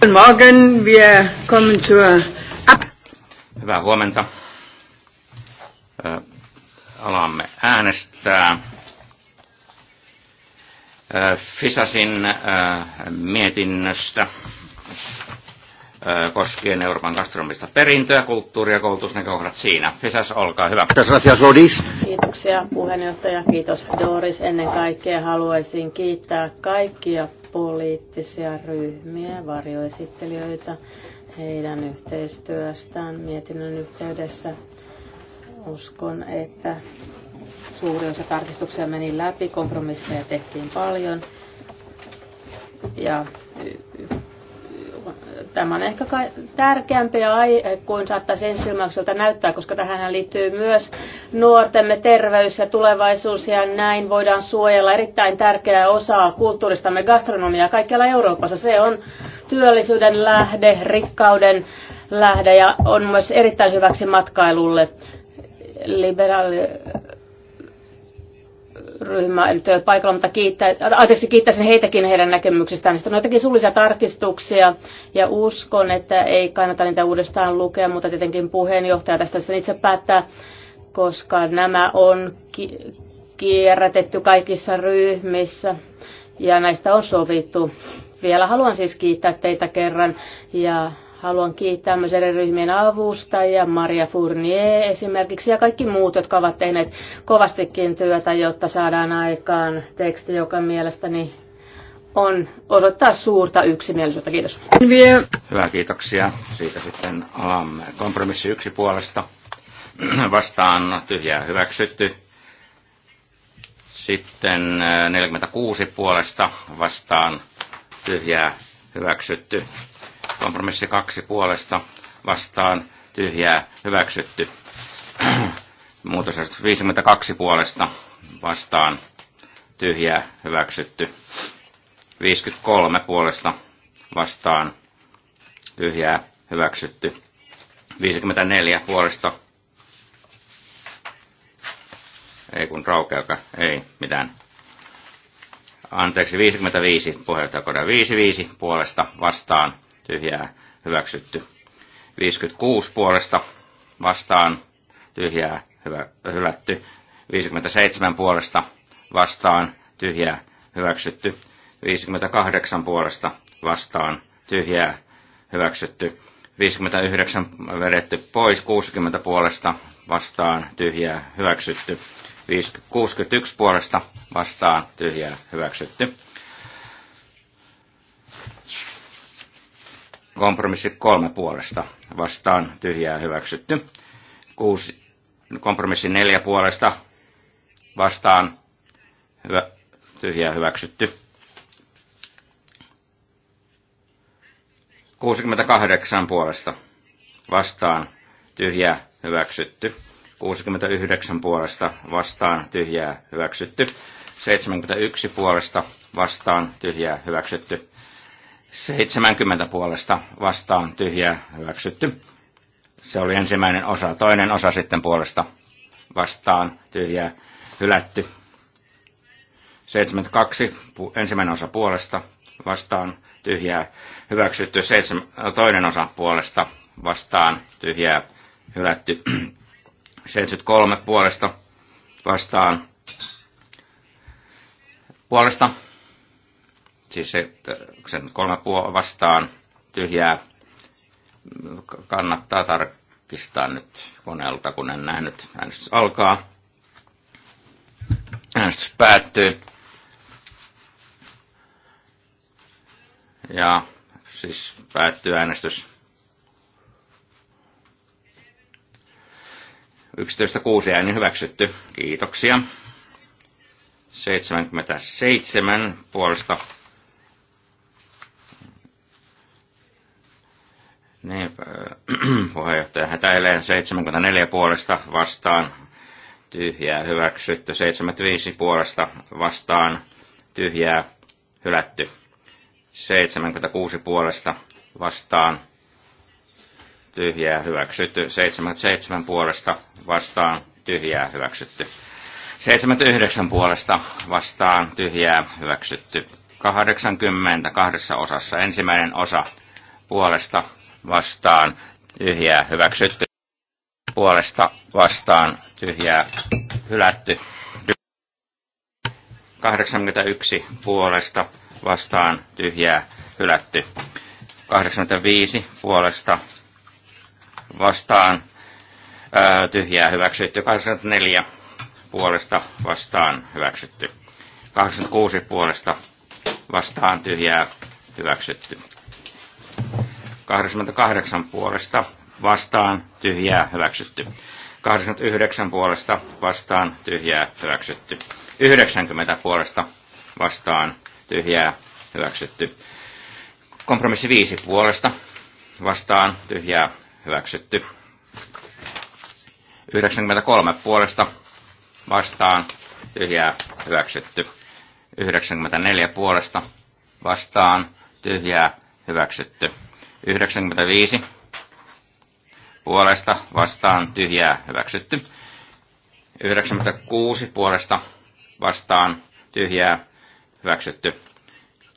Guten Morgen, wir kommen zur Ab Hyvää huomenta. Äh, alamme äänestää. Ö, Fisasin ö, mietinnöstä ö, koskien Euroopan gastronomista perintöä, kulttuuri- ja koulutusnäkökohdat siinä. Fisas, olkaa hyvä. Kiitoksia puheenjohtaja, kiitos Doris. Ennen kaikkea haluaisin kiittää kaikkia poliittisia ryhmiä, varjoesittelijöitä heidän yhteistyöstään mietinnön yhteydessä. Uskon, että suuri osa tarkistuksia meni läpi, kompromisseja tehtiin paljon ja Tämä on ehkä tärkeämpi aihe kuin saattaisi ensimmäiseltä näyttää, koska tähän liittyy myös nuortemme terveys ja tulevaisuus ja näin voidaan suojella erittäin tärkeää osaa kulttuuristamme gastronomiaa kaikkialla Euroopassa. Se on työllisyyden lähde, rikkauden lähde ja on myös erittäin hyväksi matkailulle liberaali ryhmä nyt ei ole paikalla, mutta kiittää, anteeksi, kiittäisin heitäkin heidän näkemyksistään. Sitten on jotenkin suullisia tarkistuksia ja uskon, että ei kannata niitä uudestaan lukea, mutta tietenkin puheenjohtaja tästä sen itse päättää, koska nämä on ki- kierrätetty kaikissa ryhmissä ja näistä on sovittu. Vielä haluan siis kiittää teitä kerran ja Haluan kiittää myös eri ryhmien avustajia, Maria Fournier esimerkiksi ja kaikki muut, jotka ovat tehneet kovastikin työtä, jotta saadaan aikaan teksti, joka mielestäni on osoittaa suurta yksimielisyyttä. Kiitos. Hyvä, kiitoksia. Siitä sitten alamme kompromissi yksi puolesta. Vastaan tyhjää hyväksytty. Sitten 46 äh, puolesta vastaan tyhjää hyväksytty. Kompromissi kaksi puolesta vastaan tyhjää hyväksytty. Muutos 52 puolesta vastaan tyhjää hyväksytty. 53 puolesta vastaan tyhjää hyväksytty. 54 puolesta ei kun raukeaka, ei mitään. Anteeksi, 55 puolesta, 55 puolesta vastaan tyhjää hyväksytty. 56 puolesta vastaan tyhjää hyvä, hylätty. 57 puolesta vastaan tyhjää hyväksytty. 58 puolesta vastaan tyhjää hyväksytty. 59 vedetty pois, 60 puolesta vastaan tyhjää hyväksytty. 61 puolesta vastaan tyhjää hyväksytty. Kompromissi kolme puolesta vastaan tyhjää hyväksytty. Kuusi, kompromissi neljä puolesta vastaan hyvä, tyhjää hyväksytty. 68 puolesta vastaan tyhjää hyväksytty. 69 puolesta vastaan tyhjää hyväksytty. 71 puolesta vastaan tyhjää hyväksytty. 70 puolesta vastaan tyhjää hyväksytty. Se oli ensimmäinen osa. Toinen osa sitten puolesta vastaan tyhjää hylätty. 72 ensimmäinen osa puolesta vastaan tyhjää hyväksytty. Seitsemän, toinen osa puolesta vastaan tyhjää hylätty. 73 puolesta vastaan puolesta Siis se, sen kolme puolta vastaan tyhjää kannattaa tarkistaa nyt koneelta, kun en nähnyt. Äänestys alkaa. Äänestys päättyy. Ja siis päättyy äänestys. 11.6 ääni hyväksytty. Kiitoksia. 77 puolesta Niin, äh, puheenjohtaja hätäilee 74 puolesta vastaan, tyhjää hyväksytty, 75 puolesta vastaan, tyhjää hylätty, 76 puolesta vastaan, tyhjää hyväksytty, 77 puolesta vastaan, tyhjää hyväksytty, 79 puolesta vastaan, tyhjää hyväksytty, 80 kahdessa osassa, ensimmäinen osa puolesta vastaan tyhjää hyväksytty. Puolesta vastaan tyhjää hylätty. 81 puolesta vastaan tyhjää hylätty. 85 puolesta vastaan tyhjää hyväksytty. 84 puolesta vastaan hyväksytty. 86 puolesta vastaan tyhjää hyväksytty. 88 puolesta vastaan tyhjää hyväksytty. 89 puolesta vastaan tyhjää hyväksytty. 90 puolesta vastaan tyhjää hyväksytty. Kompromissi 5 puolesta vastaan tyhjää hyväksytty. 93 puolesta vastaan tyhjää hyväksytty. 94 puolesta vastaan tyhjää hyväksytty. 95 puolesta vastaan tyhjää hyväksytty. 96 puolesta vastaan tyhjää hyväksytty.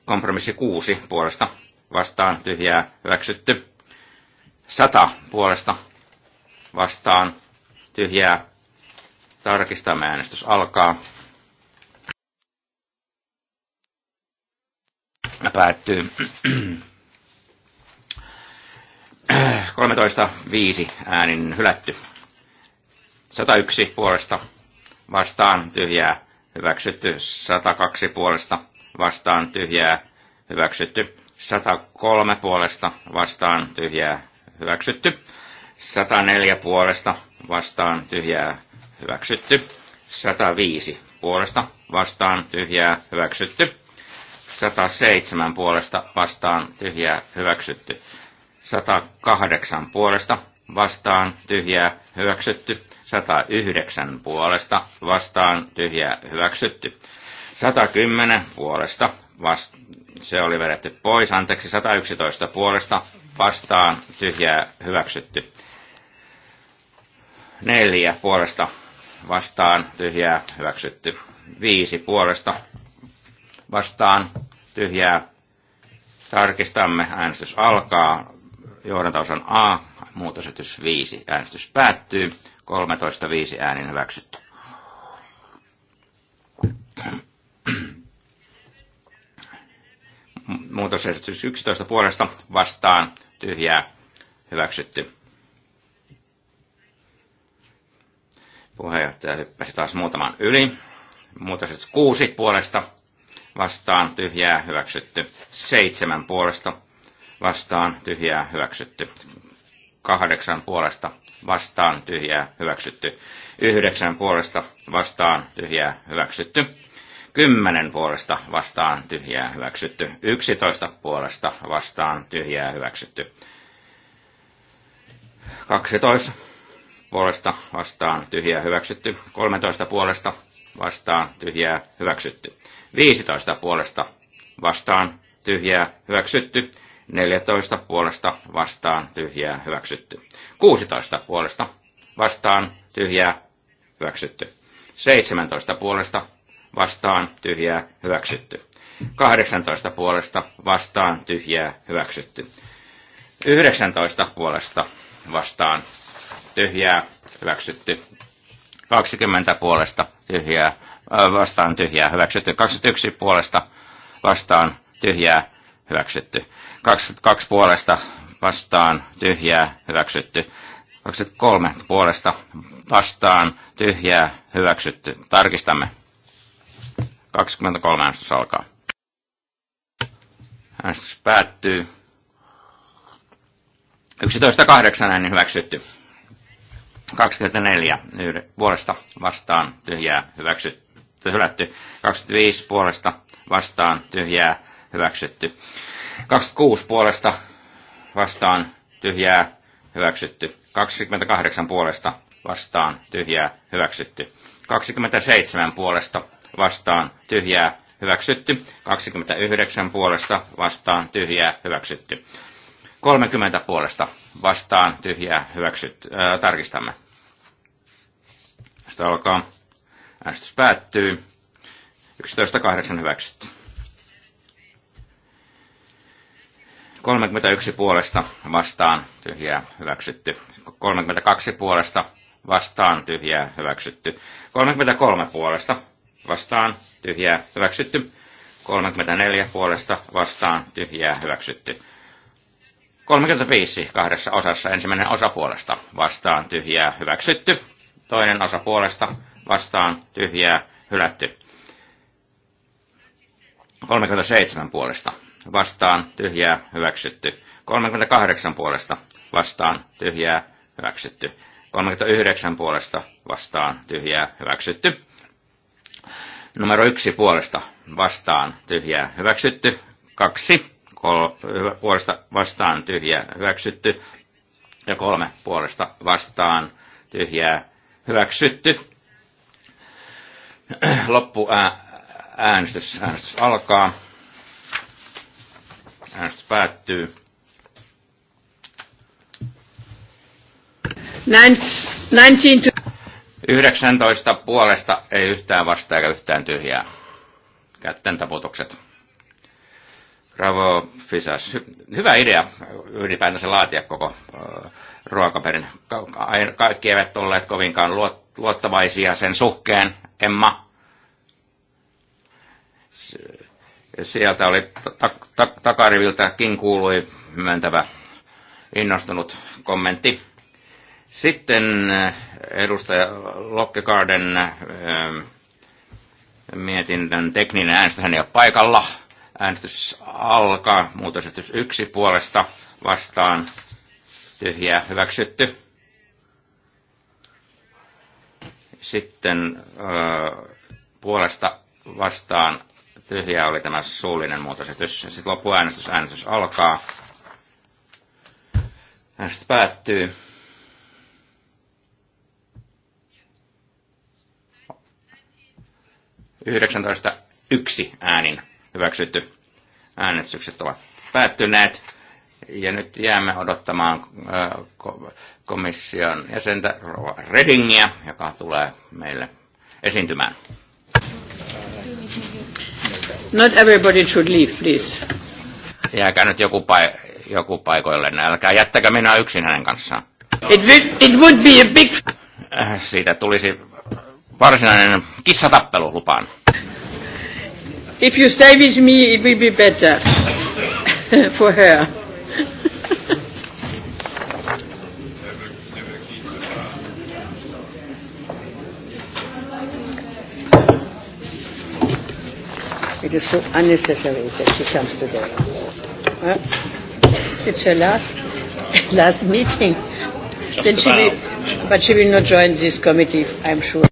Kompromissi 6 puolesta vastaan tyhjää hyväksytty. 100 puolesta vastaan tyhjää. Tarkistamme äänestys alkaa. Päättyy. 13.5 äänin hylätty. 101 puolesta vastaan tyhjää hyväksytty. 102 puolesta vastaan tyhjää hyväksytty. 103 puolesta vastaan tyhjää hyväksytty. 104 puolesta vastaan tyhjää hyväksytty. 105 puolesta vastaan tyhjää hyväksytty. 107 puolesta vastaan tyhjää hyväksytty. 108 puolesta vastaan tyhjää hyväksytty. 109 puolesta vastaan tyhjää hyväksytty. 110 puolesta vast, se oli vedetty pois, anteeksi, 111 puolesta vastaan tyhjää hyväksytty. Neljä puolesta vastaan tyhjää hyväksytty. Viisi puolesta vastaan tyhjää. Tarkistamme, äänestys alkaa johdantaosan A, muutosesitys 5, äänestys päättyy, 13.5 äänin hyväksytty. Muutosesitys 11 puolesta vastaan, tyhjää, hyväksytty. Puheenjohtaja hyppäsi taas muutaman yli. Muutosesitys 6 puolesta vastaan, tyhjää, hyväksytty. 7 puolesta vastaan tyhjää hyväksytty. Kahdeksan puolesta vastaan tyhjää hyväksytty. Yhdeksän puolesta vastaan tyhjää hyväksytty. Kymmenen puolesta vastaan tyhjää hyväksytty. Yksitoista puolesta vastaan tyhjää hyväksytty. Kaksitoista puolesta vastaan tyhjää hyväksytty. Kolmetoista puolesta vastaan tyhjää hyväksytty. Viisitoista puolesta vastaan tyhjää hyväksytty. 14 puolesta vastaan tyhjää hyväksytty. 16 puolesta vastaan tyhjää hyväksytty. 17 puolesta vastaan tyhjää hyväksytty. 18 puolesta vastaan tyhjää hyväksytty. 19 puolesta vastaan tyhjää hyväksytty. 20 puolesta tyhjää vastaan tyhjää hyväksytty. 21 puolesta vastaan tyhjää hyväksytty. 22 puolesta vastaan tyhjää hyväksytty. 23 puolesta vastaan tyhjää hyväksytty. Tarkistamme. 23 äänestys alkaa. Äänestys päättyy. 11.8 ääni hyväksytty. 24 puolesta vastaan tyhjää hyväksytty. Hylätty. 25 puolesta vastaan tyhjää hyväksytty. 26 puolesta vastaan tyhjää hyväksytty. 28 puolesta vastaan tyhjää hyväksytty. 27 puolesta vastaan tyhjää hyväksytty. 29 puolesta vastaan tyhjää hyväksytty. 30 puolesta vastaan tyhjää hyväksytty. Ää, tarkistamme. Sitä alkaa. Äänestys päättyy. 11.8 hyväksytty. 31 puolesta vastaan tyhjää hyväksytty. 32 puolesta vastaan tyhjää hyväksytty. 33 puolesta vastaan tyhjää hyväksytty. 34 puolesta vastaan tyhjää hyväksytty. 35 kahdessa osassa ensimmäinen osa puolesta vastaan tyhjää hyväksytty. Toinen osa puolesta vastaan tyhjää hylätty. 37 puolesta vastaan tyhjää hyväksytty. 38 puolesta vastaan tyhjää hyväksytty. 39 puolesta vastaan tyhjää hyväksytty. Numero 1 puolesta vastaan tyhjää hyväksytty. 2 puolesta vastaan tyhjää hyväksytty. Ja 3 puolesta vastaan tyhjää hyväksytty. Loppu äänestys, äänestys alkaa. Äänestys päättyy. 19 puolesta ei yhtään vastaa eikä yhtään tyhjää. Kätten taputukset. Bravo, Fisas. Hy- hyvä idea ylipäätänsä laatia koko äh, ruokaperin. Ka- ka- kaikki eivät olleet kovinkaan luot- luottavaisia sen suhkeen, Emma. S- Sieltä oli tak- tak- takariviltäkin kuului myöntävä innostunut kommentti. Sitten äh, edustaja Lokkegaarden äh, mietinnän tekninen äänestys, hän ei ole paikalla. Äänestys alkaa, muutosetys yksi puolesta vastaan, tyhjää hyväksytty. Sitten äh, puolesta vastaan Tyhjää oli tämä suullinen muutos. Sitten loppuäänestys. Äänestys alkaa. Äänestys päättyy. Yhdeksäntoista yksi äänin hyväksytty. Äänestykset ovat päättyneet. Ja nyt jäämme odottamaan komission jäsentä Redingiä, joka tulee meille esiintymään. Not everybody should leave, please. Jääkää nyt joku, pa- joku paikoille, älkää jättäkö minä yksin hänen kanssaan. It would, it would be a big... Äh, siitä tulisi varsinainen kissatappelu, lupaan. If you stay with me, it will be better for her. It is so unnecessary that she comes today. Huh? It's her last, last meeting. Just then she will, but she will not join this committee, I'm sure.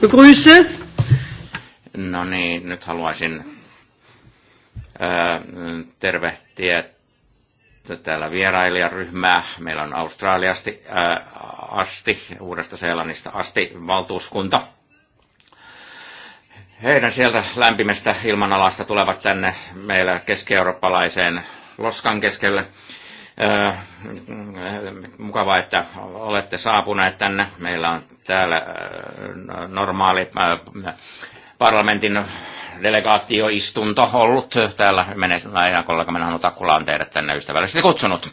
begrüße. No niin, nyt haluaisin äh, tervehtiä täällä vierailijaryhmää. Meillä on Australiasta äh, asti, Uudesta Seelannista asti valtuuskunta. Heidän sieltä lämpimästä ilmanalasta tulevat tänne meillä keski-eurooppalaiseen loskan keskelle mukavaa, että olette saapuneet tänne. Meillä on täällä normaali parlamentin delegaatioistunto ollut. Täällä meidän kollega Menhanu Takula on teidät tänne ystävällisesti kutsunut.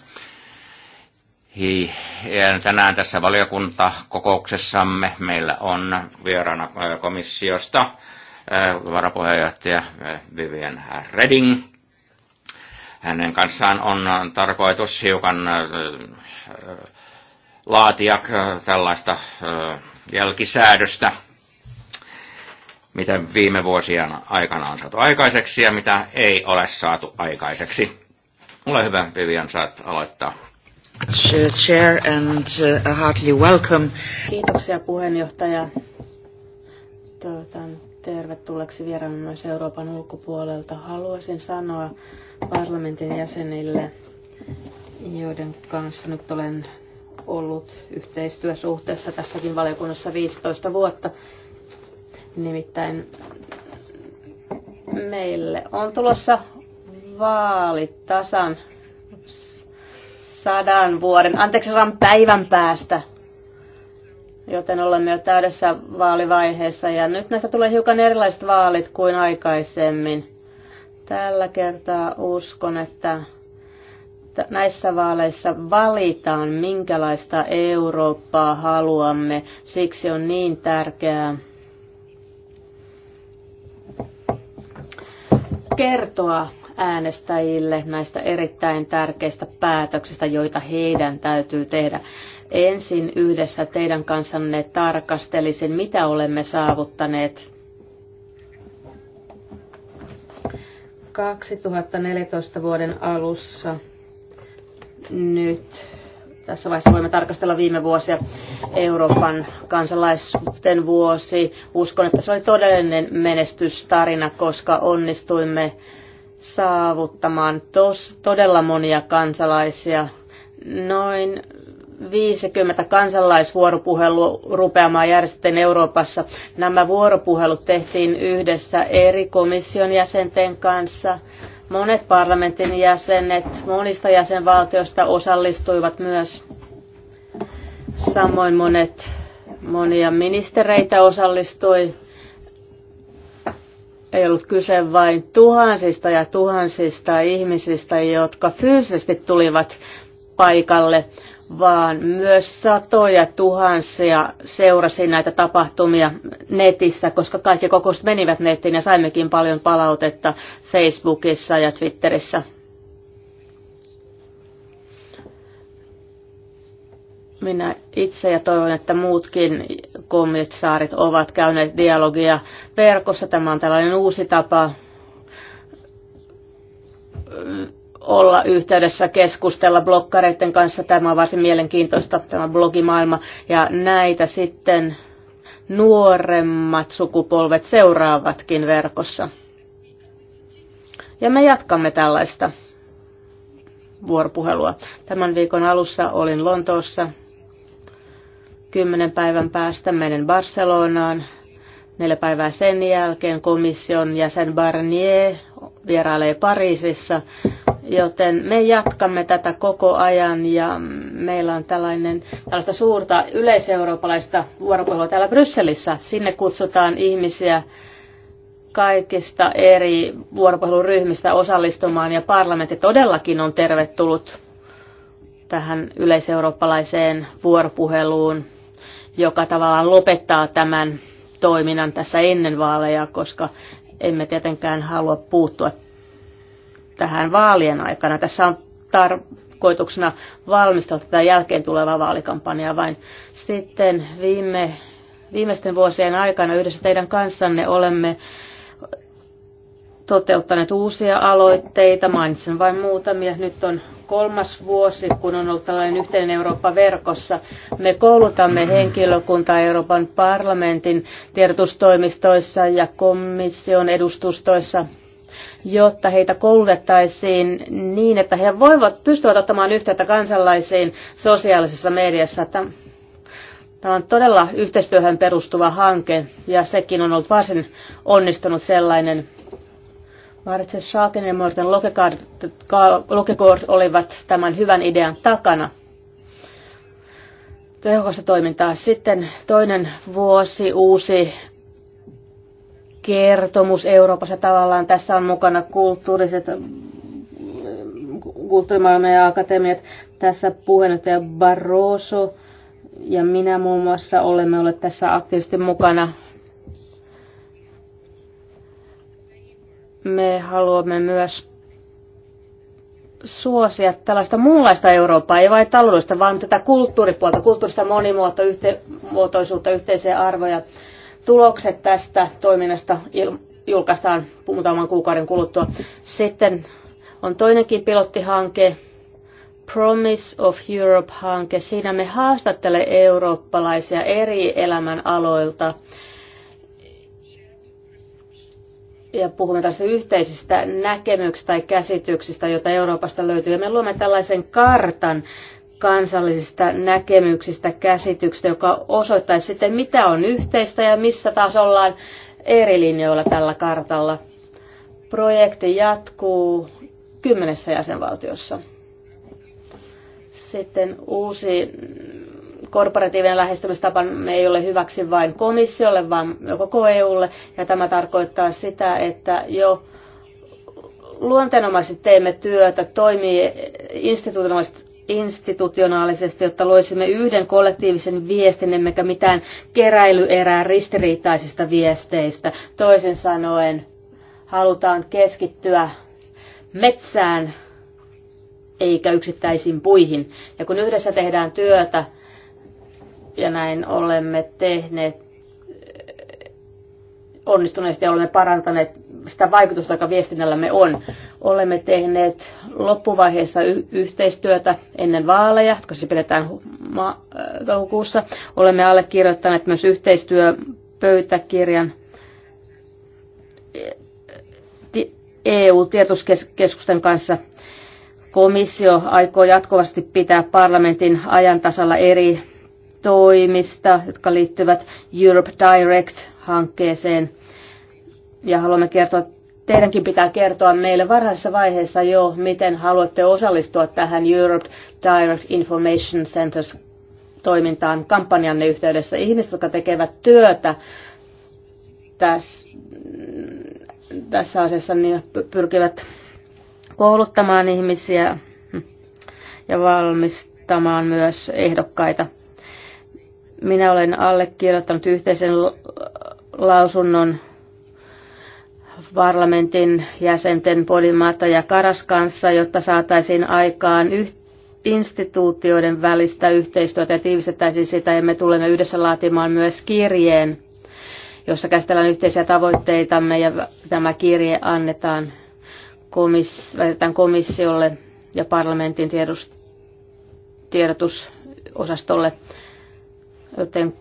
Ja tänään tässä valiokuntakokouksessamme meillä on vieraana komissiosta varapuheenjohtaja Vivian Redding hänen kanssaan on äh, tarkoitus hiukan äh, äh, laatia tällaista jälkisäädöstä, mitä viime vuosien aikana on saatu aikaiseksi ja mitä ei ole saatu aikaiseksi. Ole hyvä, Vivian, saat aloittaa. Chair and uh, heartily welcome. Kiitoksia puheenjohtaja. tervetulleeksi vieraan myös Euroopan ulkopuolelta. Haluaisin sanoa, parlamentin jäsenille, joiden kanssa nyt olen ollut yhteistyösuhteessa tässäkin valiokunnassa 15 vuotta. Nimittäin meille on tulossa vaalit tasan sadan vuoden, anteeksi sadan päivän päästä. Joten olemme jo täydessä vaalivaiheessa ja nyt näistä tulee hiukan erilaiset vaalit kuin aikaisemmin. Tällä kertaa uskon, että näissä vaaleissa valitaan, minkälaista Eurooppaa haluamme. Siksi on niin tärkeää kertoa äänestäjille näistä erittäin tärkeistä päätöksistä, joita heidän täytyy tehdä. Ensin yhdessä teidän kanssanne tarkastelisin, mitä olemme saavuttaneet 2014 vuoden alussa. Nyt tässä vaiheessa voimme tarkastella viime vuosia Euroopan kansalaisten vuosi. Uskon, että se oli todellinen menestystarina, koska onnistuimme saavuttamaan tos, todella monia kansalaisia. Noin 50 kansalaisvuoropuhelua rupeamaa järjestettiin Euroopassa. Nämä vuoropuhelut tehtiin yhdessä eri komission jäsenten kanssa. Monet parlamentin jäsenet monista jäsenvaltioista osallistuivat myös. Samoin monet, monia ministereitä osallistui. Ei ollut kyse vain tuhansista ja tuhansista ihmisistä, jotka fyysisesti tulivat paikalle vaan myös satoja tuhansia seurasi näitä tapahtumia netissä, koska kaikki kokoukset menivät nettiin ja saimmekin paljon palautetta Facebookissa ja Twitterissä. Minä itse ja toivon, että muutkin komissaarit ovat käyneet dialogia verkossa. Tämä on tällainen uusi tapa olla yhteydessä, keskustella blokkareiden kanssa. Tämä on varsin mielenkiintoista, tämä blogimaailma. Ja näitä sitten nuoremmat sukupolvet seuraavatkin verkossa. Ja me jatkamme tällaista vuoropuhelua. Tämän viikon alussa olin Lontoossa. Kymmenen päivän päästä menen Barcelonaan. Neljä päivää sen jälkeen komission jäsen Barnier vierailee Pariisissa Joten me jatkamme tätä koko ajan ja meillä on tällainen, tällaista suurta yleiseurooppalaista vuoropuhelua täällä Brysselissä. Sinne kutsutaan ihmisiä kaikista eri vuoropuheluryhmistä osallistumaan ja parlamentti todellakin on tervetullut tähän yleiseurooppalaiseen vuoropuheluun, joka tavallaan lopettaa tämän toiminnan tässä ennen vaaleja, koska emme tietenkään halua puuttua tähän vaalien aikana. Tässä on tarkoituksena valmistella tätä jälkeen tulevaa vaalikampanjaa vain. Sitten viime, viimeisten vuosien aikana yhdessä teidän kanssanne olemme toteuttaneet uusia aloitteita, mainitsen vain muutamia. Nyt on kolmas vuosi, kun on ollut tällainen yhteinen Eurooppa verkossa. Me koulutamme henkilökuntaa Euroopan parlamentin tiedotustoimistoissa ja komission edustustoissa jotta heitä koulutettaisiin niin, että he voivat pystyvät ottamaan yhteyttä kansalaisiin sosiaalisessa mediassa. Tämä on todella yhteistyöhön perustuva hanke ja sekin on ollut varsin onnistunut sellainen. Maritse Schaken ja Morten Lokekort olivat tämän hyvän idean takana tehokasta toimintaa. Sitten toinen vuosi, uusi kertomus Euroopassa. Tavallaan tässä on mukana kulttuuriset kulttuurimaailma ja akatemiat. Tässä puheenjohtaja Barroso ja minä muun muassa olemme olleet tässä aktiivisesti mukana. Me haluamme myös suosia tällaista muunlaista Eurooppaa, ei vain taloudellista, vaan tätä kulttuuripuolta, kulttuurista monimuotoisuutta, yhteisiä arvoja. Tulokset tästä toiminnasta julkaistaan muutaman kuukauden kuluttua. Sitten on toinenkin pilottihanke, Promise of Europe-hanke. Siinä me haastattele eurooppalaisia eri elämän aloilta ja puhumme tästä yhteisistä näkemyksistä tai käsityksistä, joita Euroopasta löytyy. Ja me luomme tällaisen kartan kansallisista näkemyksistä, käsityksistä, joka osoittaisi sitten, mitä on yhteistä ja missä taas ollaan eri linjoilla tällä kartalla. Projekti jatkuu kymmenessä jäsenvaltiossa. Sitten uusi korporatiivinen lähestymistapa ei ole hyväksi vain komissiolle, vaan koko EUlle. Ja tämä tarkoittaa sitä, että jo luonteenomaisesti teemme työtä, toimii institutionaalisesti institutionaalisesti, jotta loisimme yhden kollektiivisen viestin, emmekä mitään keräilyerää ristiriitaisista viesteistä. Toisin sanoen halutaan keskittyä metsään eikä yksittäisiin puihin. Ja kun yhdessä tehdään työtä, ja näin olemme tehneet onnistuneesti olemme parantaneet sitä vaikutusta, joka viestinnällämme on. Olemme tehneet loppuvaiheessa y- yhteistyötä ennen vaaleja, koska se pidetään ma- äh, toukokuussa. Olemme allekirjoittaneet myös yhteistyöpöytäkirjan EU-tietoskeskusten eh, e kanssa. Komissio aikoo jatkuvasti pitää parlamentin ajan tasalla eri toimista, jotka liittyvät Europe Direct-hankkeeseen – ja haluamme kertoa, teidänkin pitää kertoa meille varhaisessa vaiheessa jo, miten haluatte osallistua tähän Europe Direct Information Centers toimintaan kampanjanne yhteydessä. Ihmiset, jotka tekevät työtä tässä, tässä asiassa, niin pyrkivät kouluttamaan ihmisiä ja valmistamaan myös ehdokkaita. Minä olen allekirjoittanut yhteisen lausunnon parlamentin jäsenten Polimata ja Karas kanssa, jotta saataisiin aikaan yhteistyötä instituutioiden välistä yhteistyötä ja tiivistettäisiin sitä ja me tulemme yhdessä laatimaan myös kirjeen, jossa käsitellään yhteisiä tavoitteitamme ja tämä kirje annetaan komis- komissiolle ja parlamentin tiedus- tiedotusosastolle, joten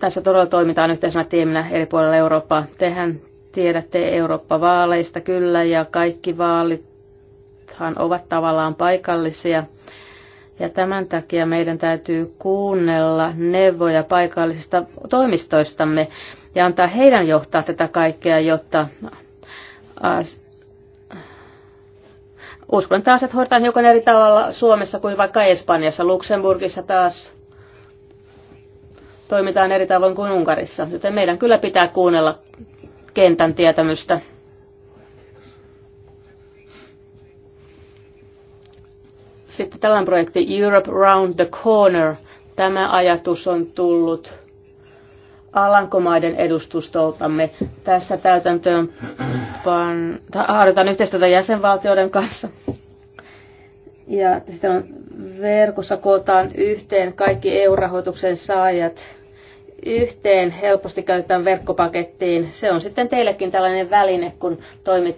tässä todella toimitaan yhteisenä tiiminä eri puolilla Eurooppaa. Tehän Tiedätte Eurooppa-vaaleista kyllä ja kaikki vaalithan ovat tavallaan paikallisia. Ja tämän takia meidän täytyy kuunnella neuvoja paikallisista toimistoistamme ja antaa heidän johtaa tätä kaikkea, jotta uskon taas, että hoidetaan hiukan eri tavalla Suomessa kuin vaikka Espanjassa. Luxemburgissa taas toimitaan eri tavoin kuin Unkarissa, joten meidän kyllä pitää kuunnella kentän tietämystä. Sitten tällainen projekti Europe Round the Corner. Tämä ajatus on tullut Alankomaiden edustustoltamme. Tässä täytäntöön pan, yhteistyötä jäsenvaltioiden kanssa. Ja sitten on verkossa kootaan yhteen kaikki EU-rahoituksen saajat yhteen helposti käytetään verkkopakettiin. Se on sitten teillekin tällainen väline, kun toimit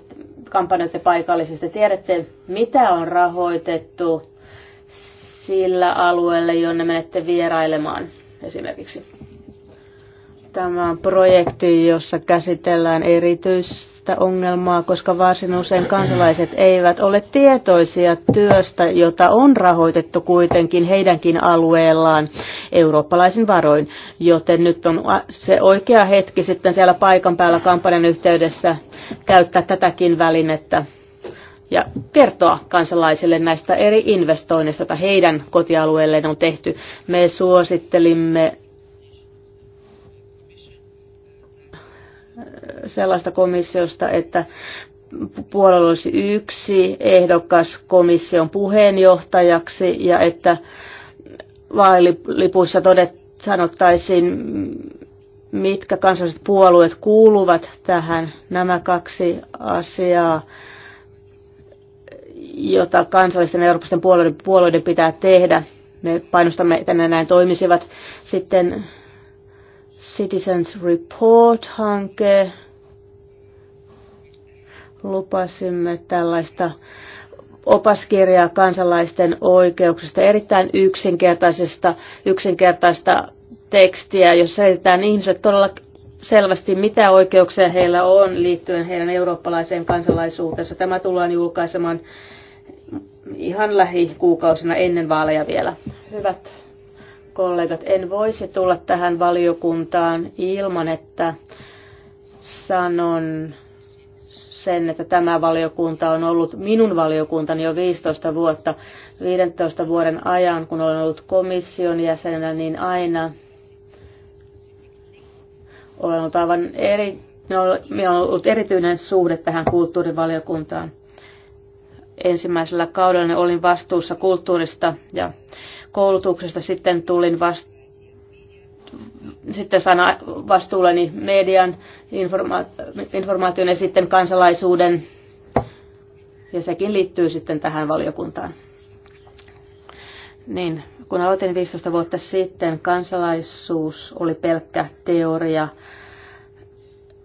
kampanjoitte paikallisesti. Tiedätte, mitä on rahoitettu sillä alueella, jonne menette vierailemaan esimerkiksi. Tämä on projekti, jossa käsitellään erityistä ongelmaa, koska varsin usein kansalaiset eivät ole tietoisia työstä, jota on rahoitettu kuitenkin heidänkin alueellaan eurooppalaisin varoin. Joten nyt on se oikea hetki sitten siellä paikan päällä kampanjan yhteydessä käyttää tätäkin välinettä ja kertoa kansalaisille näistä eri investoinneista, joita heidän kotialueelleen on tehty. Me suosittelimme sellaista komissiosta, että puolella olisi yksi ehdokas komission puheenjohtajaksi ja että vaalilipuissa todet, sanottaisiin, mitkä kansalliset puolueet kuuluvat tähän. Nämä kaksi asiaa, jota kansallisten ja puolueiden, puolueiden pitää tehdä. Me painostamme, että ne näin toimisivat. Sitten Citizens Report-hanke lupasimme tällaista opaskirjaa kansalaisten oikeuksista, erittäin yksinkertaisesta, yksinkertaista tekstiä, jossa selitetään ihmiset todella selvästi, mitä oikeuksia heillä on liittyen heidän eurooppalaiseen kansalaisuuteensa. Tämä tullaan julkaisemaan ihan lähikuukausina ennen vaaleja vielä. Hyvät kollegat, en voisi tulla tähän valiokuntaan ilman, että sanon sen, että tämä valiokunta on ollut minun valiokuntani jo 15 vuotta. 15 vuoden ajan, kun olen ollut komission jäsenenä, niin aina olen ollut aivan eri, minulla on ollut erityinen suhde tähän kulttuurivaliokuntaan. Ensimmäisellä kaudella olin vastuussa kulttuurista ja koulutuksesta, sitten tulin vastuussa sitten sana vastuulleni median informa- informaation ja sitten kansalaisuuden. Ja sekin liittyy sitten tähän valiokuntaan. Niin, kun aloitin 15 vuotta sitten, kansalaisuus oli pelkkä teoria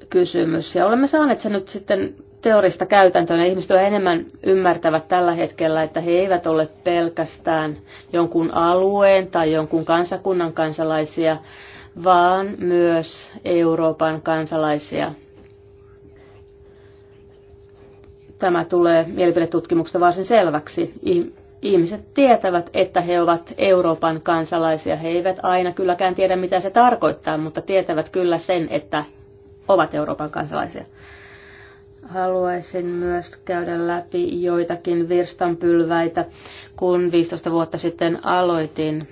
kysymys. Ja olemme saaneet sen nyt sitten teorista käytäntöön ja ihmiset enemmän ymmärtävät tällä hetkellä, että he eivät ole pelkästään jonkun alueen tai jonkun kansakunnan kansalaisia, vaan myös Euroopan kansalaisia. Tämä tulee mielipidetutkimuksesta varsin selväksi. Ihmiset tietävät, että he ovat Euroopan kansalaisia. He eivät aina kylläkään tiedä, mitä se tarkoittaa, mutta tietävät kyllä sen, että ovat Euroopan kansalaisia. Haluaisin myös käydä läpi joitakin virstanpylväitä, kun 15 vuotta sitten aloitin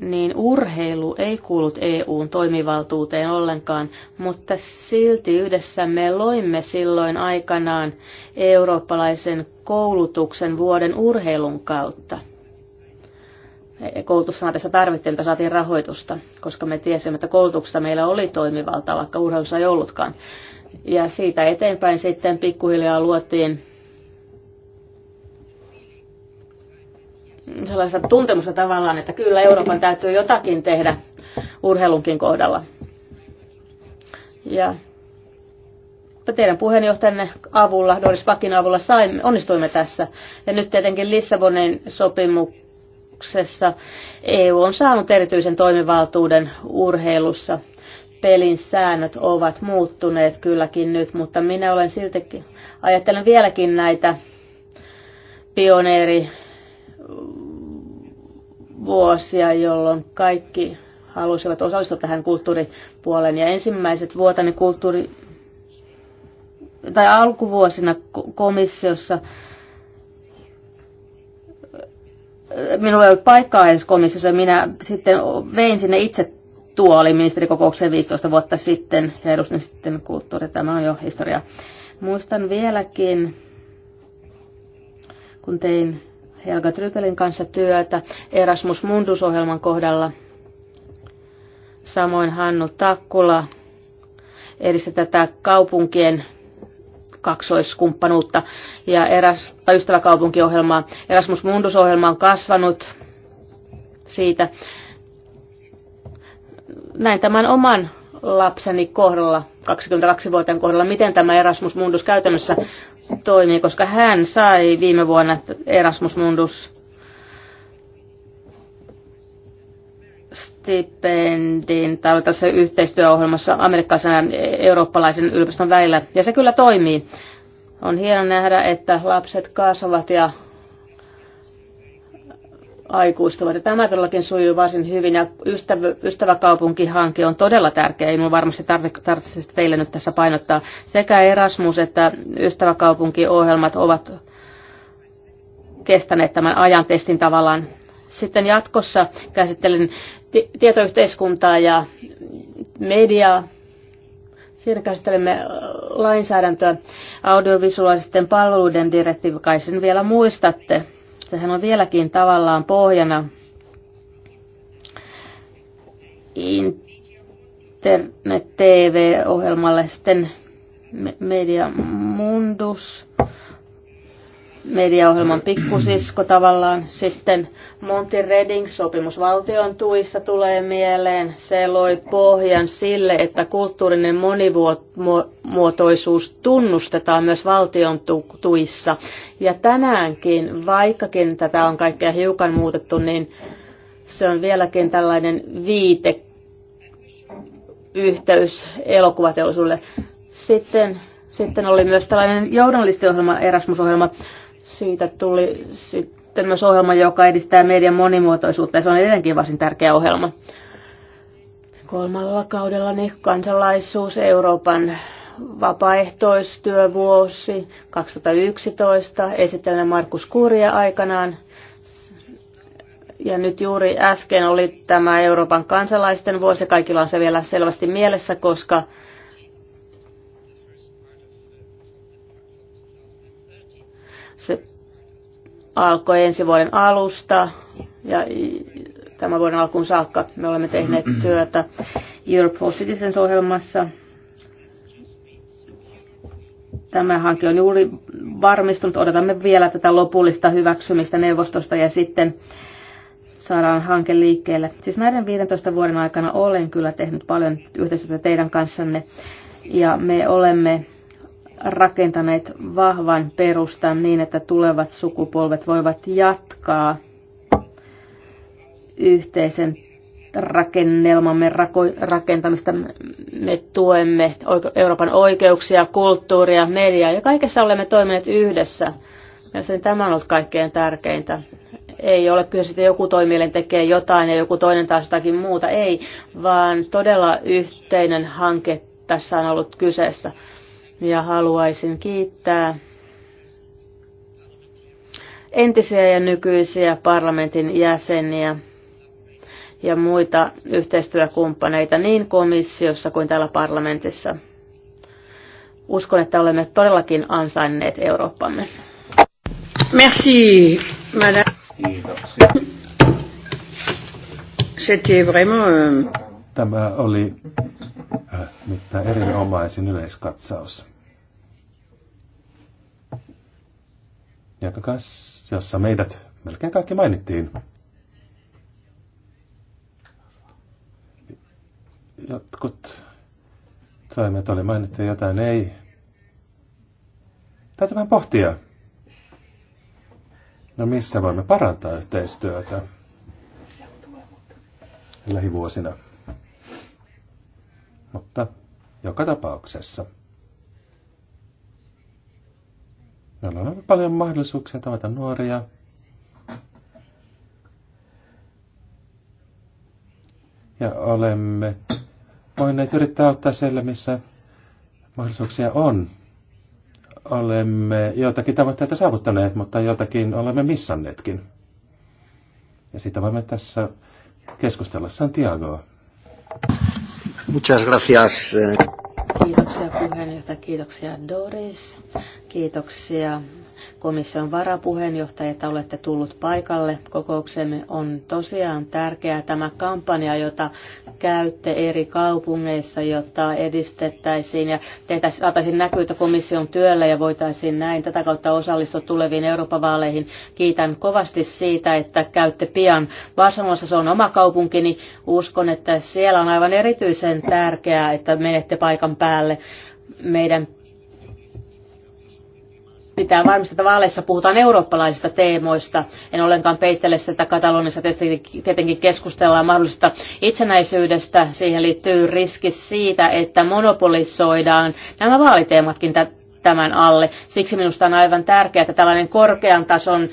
niin urheilu ei kuulut EUn toimivaltuuteen ollenkaan, mutta silti yhdessä me loimme silloin aikanaan eurooppalaisen koulutuksen vuoden urheilun kautta. E, koulutussanatessa tässä tarvittiin, että saatiin rahoitusta, koska me tiesimme, että koulutuksessa meillä oli toimivalta, vaikka urheilussa ei ollutkaan. Ja siitä eteenpäin sitten pikkuhiljaa luotiin sellaista tuntemusta tavallaan, että kyllä Euroopan täytyy jotakin tehdä urheilunkin kohdalla. Ja teidän puheenjohtajanne avulla, Doris Pakin avulla, saimme, onnistuimme tässä. Ja nyt tietenkin Lissabonin sopimuksessa EU on saanut erityisen toimivaltuuden urheilussa. Pelin säännöt ovat muuttuneet kylläkin nyt, mutta minä olen siltikin, ajattelen vieläkin näitä pioneeri vuosia, jolloin kaikki halusivat osallistua tähän kulttuuripuoleen. Ja ensimmäiset vuotani kulttuuri, tai alkuvuosina komissiossa minulla ei ollut paikkaa edes komissiossa. Minä sitten vein sinne itse tuoli ministerikokoukseen 15 vuotta sitten ja edustin sitten kulttuuri. Tämä on jo historia. Muistan vieläkin, kun tein Helga Trykelin kanssa työtä Erasmus Mundus-ohjelman kohdalla. Samoin Hannu Takkula edistä tätä kaupunkien kaksoiskumppanuutta ja eräs, tai ystäväkaupunkiohjelmaa. Erasmus Mundus-ohjelma on kasvanut siitä. Näin tämän oman lapseni kohdalla, 22-vuotiaan kohdalla, miten tämä Erasmus Mundus käytännössä toimii, koska hän sai viime vuonna Erasmus Mundus stipendin, tai oli tässä yhteistyöohjelmassa amerikkalaisen ja eurooppalaisen yliopiston välillä, ja se kyllä toimii. On hieno nähdä, että lapset kasvavat ja aikuistuvat. Ja tämä todellakin sujuu varsin hyvin ja ystävä, ystäväkaupunkihanke on todella tärkeä. Ei minun varmasti tarvitse teille nyt tässä painottaa. Sekä Erasmus että ystäväkaupunkiohjelmat ovat kestäneet tämän ajan testin tavallaan. Sitten jatkossa käsittelen tietoyhteiskuntaa ja mediaa. Siinä käsittelemme lainsäädäntöä audiovisuaalisten palveluiden direktiivikaisen vielä muistatte Sehän on vieläkin tavallaan pohjana internet-tv-ohjelmalle. Sitten Media Mundus mediaohjelman pikkusisko tavallaan. Sitten Monty Redding sopimus valtion tuista tulee mieleen. Se loi pohjan sille, että kulttuurinen monimuotoisuus tunnustetaan myös valtion tuissa. Ja tänäänkin, vaikkakin tätä on kaikkea hiukan muutettu, niin se on vieläkin tällainen viite yhteys elokuvateollisuudelle. Sitten, sitten oli myös tällainen journalistiohjelma, Erasmus-ohjelma, siitä tuli sitten myös ohjelma, joka edistää median monimuotoisuutta ja se on edelleenkin varsin tärkeä ohjelma. kolmalla kaudella niin kansalaisuus Euroopan vapaaehtoistyövuosi 2011. Esittelen Markus Kurja aikanaan. Ja nyt juuri äsken oli tämä Euroopan kansalaisten vuosi. Kaikilla on se vielä selvästi mielessä, koska alkoi ensi vuoden alusta ja tämän vuoden alkuun saakka me olemme tehneet työtä Europe for Citizens-ohjelmassa. Tämä hanke on juuri varmistunut. Odotamme vielä tätä lopullista hyväksymistä neuvostosta ja sitten saadaan hanke liikkeelle. Siis näiden 15 vuoden aikana olen kyllä tehnyt paljon yhteistyötä teidän kanssanne ja me olemme rakentaneet vahvan perustan niin, että tulevat sukupolvet voivat jatkaa yhteisen rakennelmamme rakentamista. Me tuemme Euroopan oikeuksia, kulttuuria, mediaa ja kaikessa olemme toimineet yhdessä. Mielestäni tämä on ollut kaikkein tärkeintä. Ei ole kyse, että joku toimielin tekee jotain ja joku toinen taas jotakin muuta. Ei, vaan todella yhteinen hanke tässä on ollut kyseessä ja haluaisin kiittää entisiä ja nykyisiä parlamentin jäseniä ja muita yhteistyökumppaneita niin komissiossa kuin täällä parlamentissa. Uskon, että olemme todellakin ansainneet Eurooppamme. Merci, madame. C'était euh, Tämä oli äh, mitä erinomaisin yleiskatsaus. jonka kanssa, jossa meidät melkein kaikki mainittiin. Jotkut toimet oli mainittu, jotain ei. Täytyy vähän pohtia. No missä voimme parantaa yhteistyötä lähivuosina? Mutta joka tapauksessa. Meillä on paljon mahdollisuuksia tavata nuoria. Ja olemme voineet yrittää auttaa siellä, missä mahdollisuuksia on. Olemme joitakin tavoitteita saavuttaneet, mutta jotakin olemme missanneetkin. Ja siitä voimme tässä keskustella Santiagoa. Muchas gracias. Eh. Kiitoksia puheenjohtaja, kiitoksia Doris, kiitoksia komission varapuheenjohtaja, että olette tullut paikalle. Kokouksemme on tosiaan tärkeää tämä kampanja, jota käytte eri kaupungeissa, jotta edistettäisiin ja saataisiin näkyvyyttä komission työlle ja voitaisiin näin tätä kautta osallistua tuleviin Euroopan vaaleihin. Kiitän kovasti siitä, että käytte pian Barcelonassa, se on oma kaupunkini. Uskon, että siellä on aivan erityisen tärkeää, että menette paikan päälle meidän pitää varmistaa, että vaaleissa puhutaan eurooppalaisista teemoista. En ollenkaan peittele sitä, että Katalonissa tietenkin keskustellaan mahdollisesta itsenäisyydestä. Siihen liittyy riski siitä, että monopolisoidaan nämä vaaliteematkin tämän alle. Siksi minusta on aivan tärkeää, että tällainen korkean tason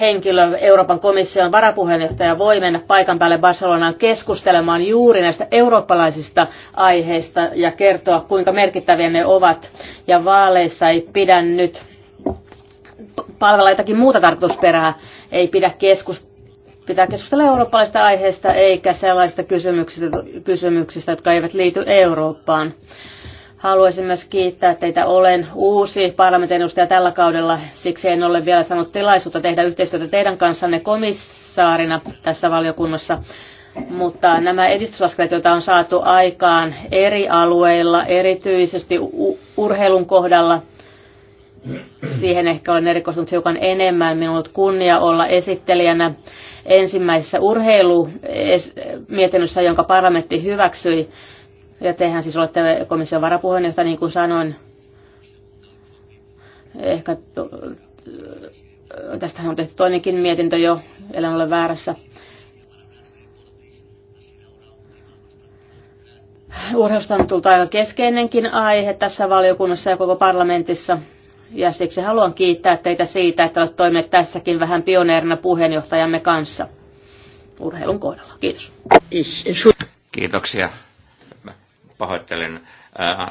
henkilö, Euroopan komission varapuheenjohtaja, voi mennä paikan päälle Barcelonaan keskustelemaan juuri näistä eurooppalaisista aiheista ja kertoa, kuinka merkittäviä ne ovat. Ja vaaleissa ei pidä nyt palvella jotakin muuta tarkoitusperää. Ei pidä keskustella pitää keskustella eurooppalaisista aiheista eikä sellaisista kysymyksistä, kysymyksistä, jotka eivät liity Eurooppaan. Haluaisin myös kiittää teitä. Olen uusi parlamentin edustaja tällä kaudella, siksi en ole vielä saanut tilaisuutta tehdä yhteistyötä teidän kanssanne komissaarina tässä valiokunnassa. Mutta nämä edistysaskeleet, joita on saatu aikaan eri alueilla, erityisesti urheilun kohdalla, siihen ehkä olen erikoistunut hiukan enemmän. Minulla on ollut kunnia olla esittelijänä ensimmäisessä urheilumietinnössä, jonka parlamentti hyväksyi. Ja tehän siis olette komission varapuheenjohtaja, niin kuin sanoin. Ehkä tästä tästähän on tehty toinenkin mietintö jo, elän ole väärässä. Urheilusta on tullut aika keskeinenkin aihe tässä valiokunnassa ja koko parlamentissa – ja siksi haluan kiittää teitä siitä, että olet toimineet tässäkin vähän pioneerina puheenjohtajamme kanssa urheilun kohdalla. Kiitos. Kiitoksia. pahoittelen äh,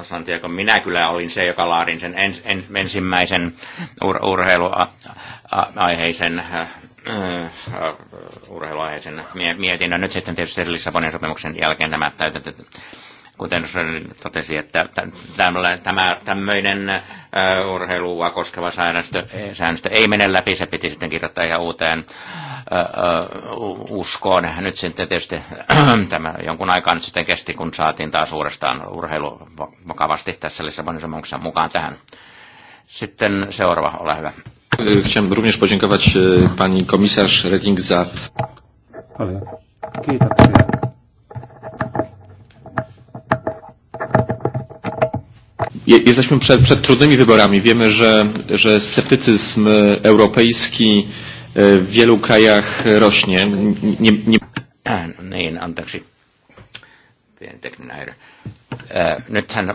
Santiago. Minä kyllä olin se, joka laadin sen ens, ens, ensimmäisen ur, urheiluaiheisen äh, äh, urheiluaiheisen mietinnön. Nyt sitten tietysti Lissabonin sopimuksen jälkeen nämä täytetyt kuten totesi, että tämä tämmöinen äh, urheilua koskeva säännöstö, säännöstö ei mene läpi, se piti sitten kirjoittaa ihan uuteen äh, äh, uskoon. Nyt sitten tietysti tämä jonkun nyt sitten kesti, kun saatiin taas uudestaan urheilu vakavasti tässä Lissabonin sopimuksessa mukaan tähän. Sitten seuraava, ole hyvä. Chciałem również podziękować e, pani komisarz Reding za... Kiitoksia jesteśmy przed, przed trudnymi wyborami. Wiemy, że, że sceptycyzm europejski e, w wielu krajach rośnie. Nie, nie... Äh, no niin, anteeksi. Pieni tekninen häiriö. Äh, nythän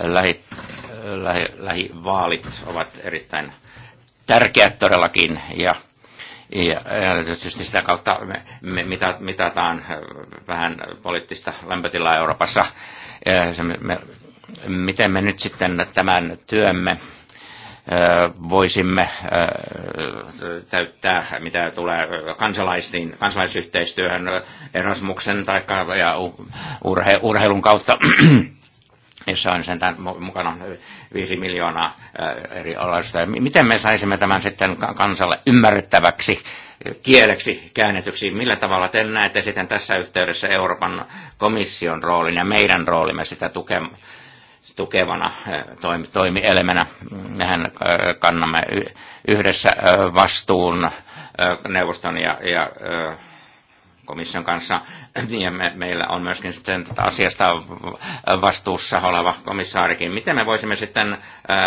lähi, lähi, lähivaalit ovat erittäin tärkeät todellakin ja ja, ja tietysti sitä kautta me, me mitataan vähän poliittista lämpötilaa Euroopassa. Ja äh, se, me, miten me nyt sitten tämän työmme voisimme täyttää, mitä tulee kansalaisiin, kansalaisyhteistyöhön, Erasmuksen tai urhe, urheilun kautta, jossa on sen tämän mukana viisi miljoonaa eri alaista. Miten me saisimme tämän sitten kansalle ymmärrettäväksi kieleksi käännetyksi? Millä tavalla te näette sitten tässä yhteydessä Euroopan komission roolin ja meidän roolimme sitä tukemassa? tukevana eh, toimielimenä. Mehän eh, kannamme yhdessä eh, vastuun neuvoston ja, ja komission kanssa, ja me, meillä on myöskin sitten tätä asiasta vastuussa oleva komissaarikin. Miten me voisimme sitten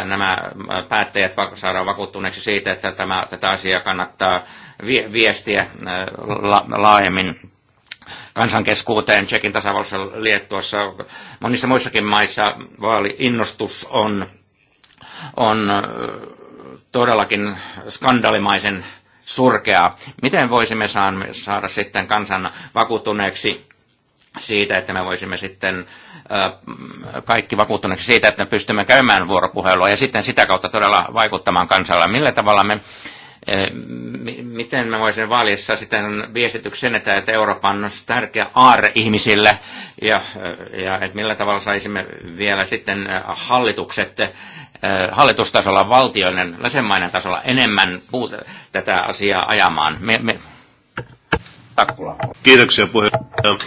nämä päättäjät saada vakuuttuneeksi siitä, että tämä, tätä asiaa kannattaa viestiä laajemmin kansankeskuuteen Tsekin tasavallassa, Liettuassa, monissa muissakin maissa vaaliinnostus on, on äh, todellakin skandalimaisen surkeaa. Miten voisimme saada sitten kansan vakuuttuneeksi siitä, että me voisimme sitten äh, kaikki vakuuttuneeksi siitä, että me pystymme käymään vuoropuhelua ja sitten sitä kautta todella vaikuttamaan kansalla. Millä tavalla me Eh, miten mä voisin valissa sitten viestityksen, että, että Eurooppa on tärkeä aarre ihmisille ja, eh, ja että millä tavalla saisimme vielä sitten eh, hallitukset hallitustasolla, valtioiden, läsenmainen tasolla enemmän puuta, tätä asiaa ajamaan. Me, me... Takkula. Kiitoksia puheenjohtaja.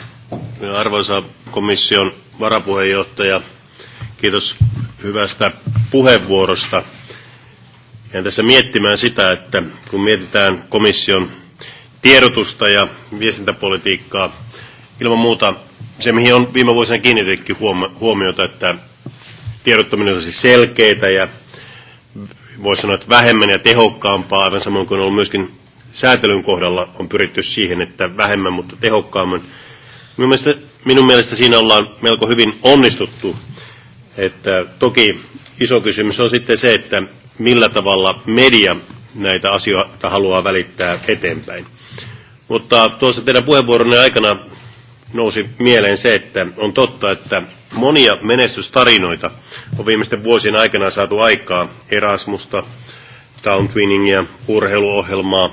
Arvoisa komission varapuheenjohtaja, kiitos hyvästä puheenvuorosta. Jään tässä miettimään sitä, että kun mietitään komission tiedotusta ja viestintäpolitiikkaa, ilman muuta se, mihin on viime vuosina kiinnitetty huomiota, että tiedottaminen on siis selkeitä ja voisi sanoa, että vähemmän ja tehokkaampaa, aivan samoin kuin on ollut myöskin säätelyn kohdalla on pyritty siihen, että vähemmän, mutta tehokkaamman. Minun mielestä, minun mielestä siinä ollaan melko hyvin onnistuttu. Että toki iso kysymys on sitten se, että millä tavalla media näitä asioita haluaa välittää eteenpäin. Mutta tuossa teidän puheenvuoronne aikana nousi mieleen se, että on totta, että monia menestystarinoita on viimeisten vuosien aikana saatu aikaa Erasmusta, Towntwinningia, urheiluohjelmaa,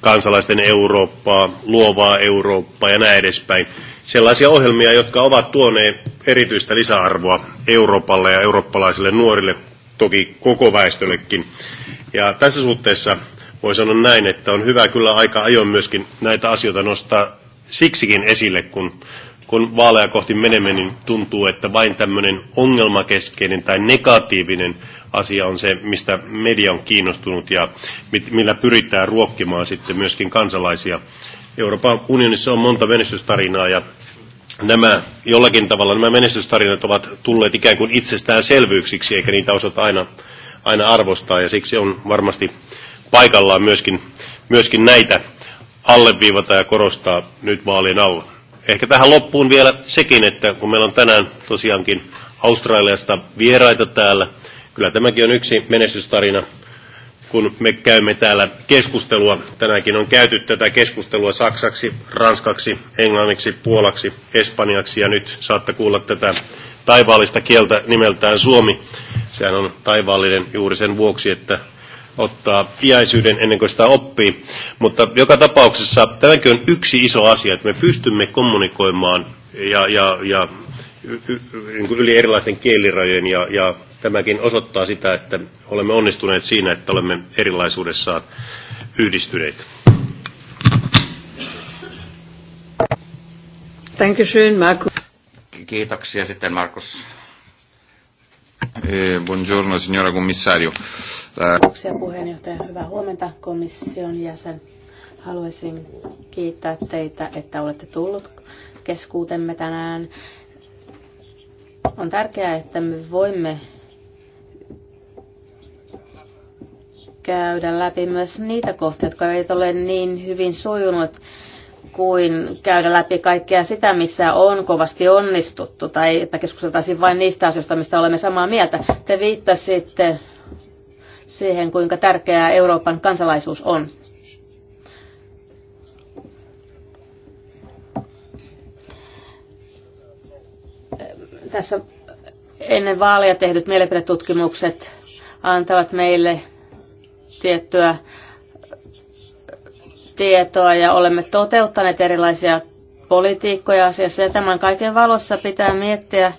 kansalaisten Eurooppaa, luovaa Eurooppaa ja näin edespäin. Sellaisia ohjelmia, jotka ovat tuoneet erityistä lisäarvoa Euroopalle ja eurooppalaisille nuorille toki koko väestöllekin. Ja tässä suhteessa voi sanoa näin, että on hyvä kyllä aika ajoin myöskin näitä asioita nostaa siksikin esille, kun, kun vaaleja kohti menemme, niin tuntuu, että vain tämmöinen ongelmakeskeinen tai negatiivinen asia on se, mistä media on kiinnostunut ja mit, millä pyritään ruokkimaan sitten myöskin kansalaisia. Euroopan unionissa on monta menestystarinaa ja nämä jollakin tavalla, nämä menestystarinat ovat tulleet ikään kuin itsestäänselvyyksiksi, eikä niitä osata aina, aina arvostaa, ja siksi on varmasti paikallaan myöskin, myöskin näitä alleviivata ja korostaa nyt vaalien alla. Ehkä tähän loppuun vielä sekin, että kun meillä on tänään tosiaankin Australiasta vieraita täällä, kyllä tämäkin on yksi menestystarina kun me käymme täällä keskustelua. Tänäänkin on käyty tätä keskustelua saksaksi, ranskaksi, englanniksi, puolaksi, espanjaksi ja nyt saatte kuulla tätä taivaallista kieltä nimeltään suomi. Sehän on taivaallinen juuri sen vuoksi, että ottaa iäisyyden ennen kuin sitä oppii. Mutta joka tapauksessa tämäkin on yksi iso asia, että me pystymme kommunikoimaan ja, ja, ja y, y, y, niin kuin yli erilaisten kielirajojen ja, ja tämäkin osoittaa sitä, että olemme onnistuneet siinä, että olemme erilaisuudessaan yhdistyneet. Thank you, Markus. Kiitoksia sitten, Markus. Eh, buongiorno, signora commissario. Eh, kiitoksia puheenjohtaja. Hyvää huomenta komission jäsen. Haluaisin kiittää teitä, että olette tullut keskuutemme tänään. On tärkeää, että me voimme käydä läpi myös niitä kohtia, jotka eivät ole niin hyvin sujunut kuin käydä läpi kaikkea sitä, missä on kovasti onnistuttu, tai että keskusteltaisiin vain niistä asioista, mistä olemme samaa mieltä. Te viittasitte siihen, kuinka tärkeää Euroopan kansalaisuus on. Tässä ennen vaaleja tehdyt mielipidetutkimukset antavat meille tiettyä tietoa ja olemme toteuttaneet erilaisia politiikkoja asiassa. Ja tämän kaiken valossa pitää miettiä,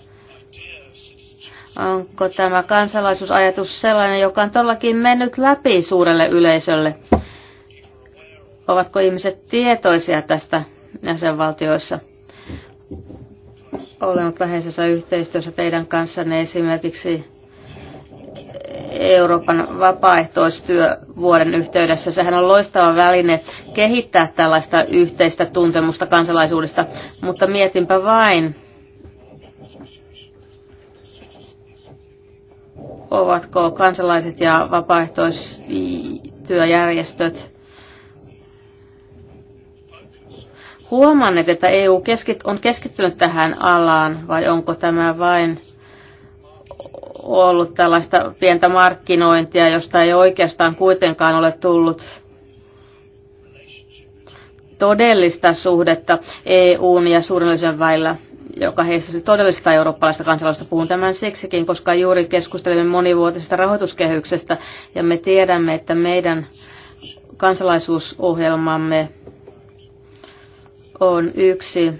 onko tämä kansalaisuusajatus sellainen, joka on todellakin mennyt läpi suurelle yleisölle. Ovatko ihmiset tietoisia tästä jäsenvaltioissa? Olen ollut läheisessä yhteistyössä teidän kanssanne esimerkiksi Euroopan vuoden yhteydessä. Sehän on loistava väline kehittää tällaista yhteistä tuntemusta kansalaisuudesta, mutta mietinpä vain, ovatko kansalaiset ja vapaaehtoistyöjärjestöt huomanneet, että EU on keskittynyt tähän alaan, vai onko tämä vain ollut tällaista pientä markkinointia, josta ei oikeastaan kuitenkaan ole tullut todellista suhdetta EUn ja suurin väillä, joka heissä todellista eurooppalaista kansalaista. Puhun tämän siksikin, koska juuri keskustelimme monivuotisesta rahoituskehyksestä ja me tiedämme, että meidän kansalaisuusohjelmamme on yksi,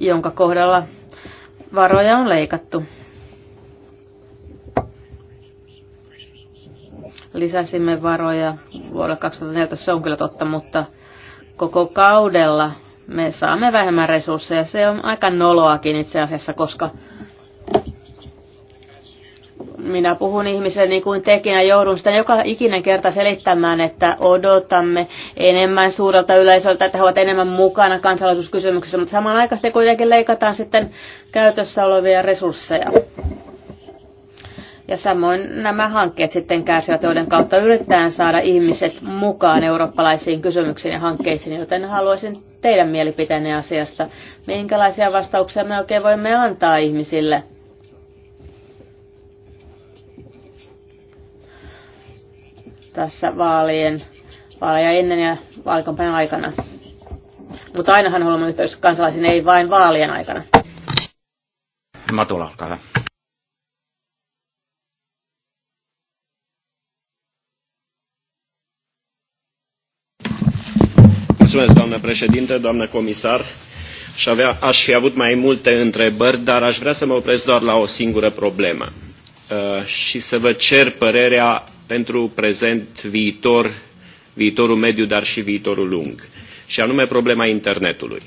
jonka kohdalla varoja on leikattu. Lisäsimme varoja vuodelle 2014, se on kyllä totta, mutta koko kaudella me saamme vähemmän resursseja. Se on aika noloakin itse asiassa, koska minä puhun ihmiselle niin kuin tekin ja joudun sitä joka ikinen kerta selittämään, että odotamme enemmän suurelta yleisöltä, että he ovat enemmän mukana kansalaisuuskysymyksessä, mutta samanaikaisesti kuitenkin leikataan sitten käytössä olevia resursseja. Ja samoin nämä hankkeet sitten kärsivät, joiden kautta yritetään saada ihmiset mukaan eurooppalaisiin kysymyksiin ja hankkeisiin, joten haluaisin teidän mielipiteenne asiasta. Minkälaisia vastauksia me oikein voimme antaa ihmisille? tässä vaalien, vaaleja ennen ja vaalikampanjan aikana. Mutta ainahan olemme yhteydessä kansalaisiin, ei vain vaalien aikana. Matula, olkaa hyvä. Mulțumesc, doamnă președinte, doamnă comisar. Și avea, aș fi avut mai multe întrebări, dar aș vrea să mă opresc doar la o singură problemă uh, și să vă cer părerea pentru prezent, viitor, viitorul mediu, dar și viitorul lung, și anume problema internetului.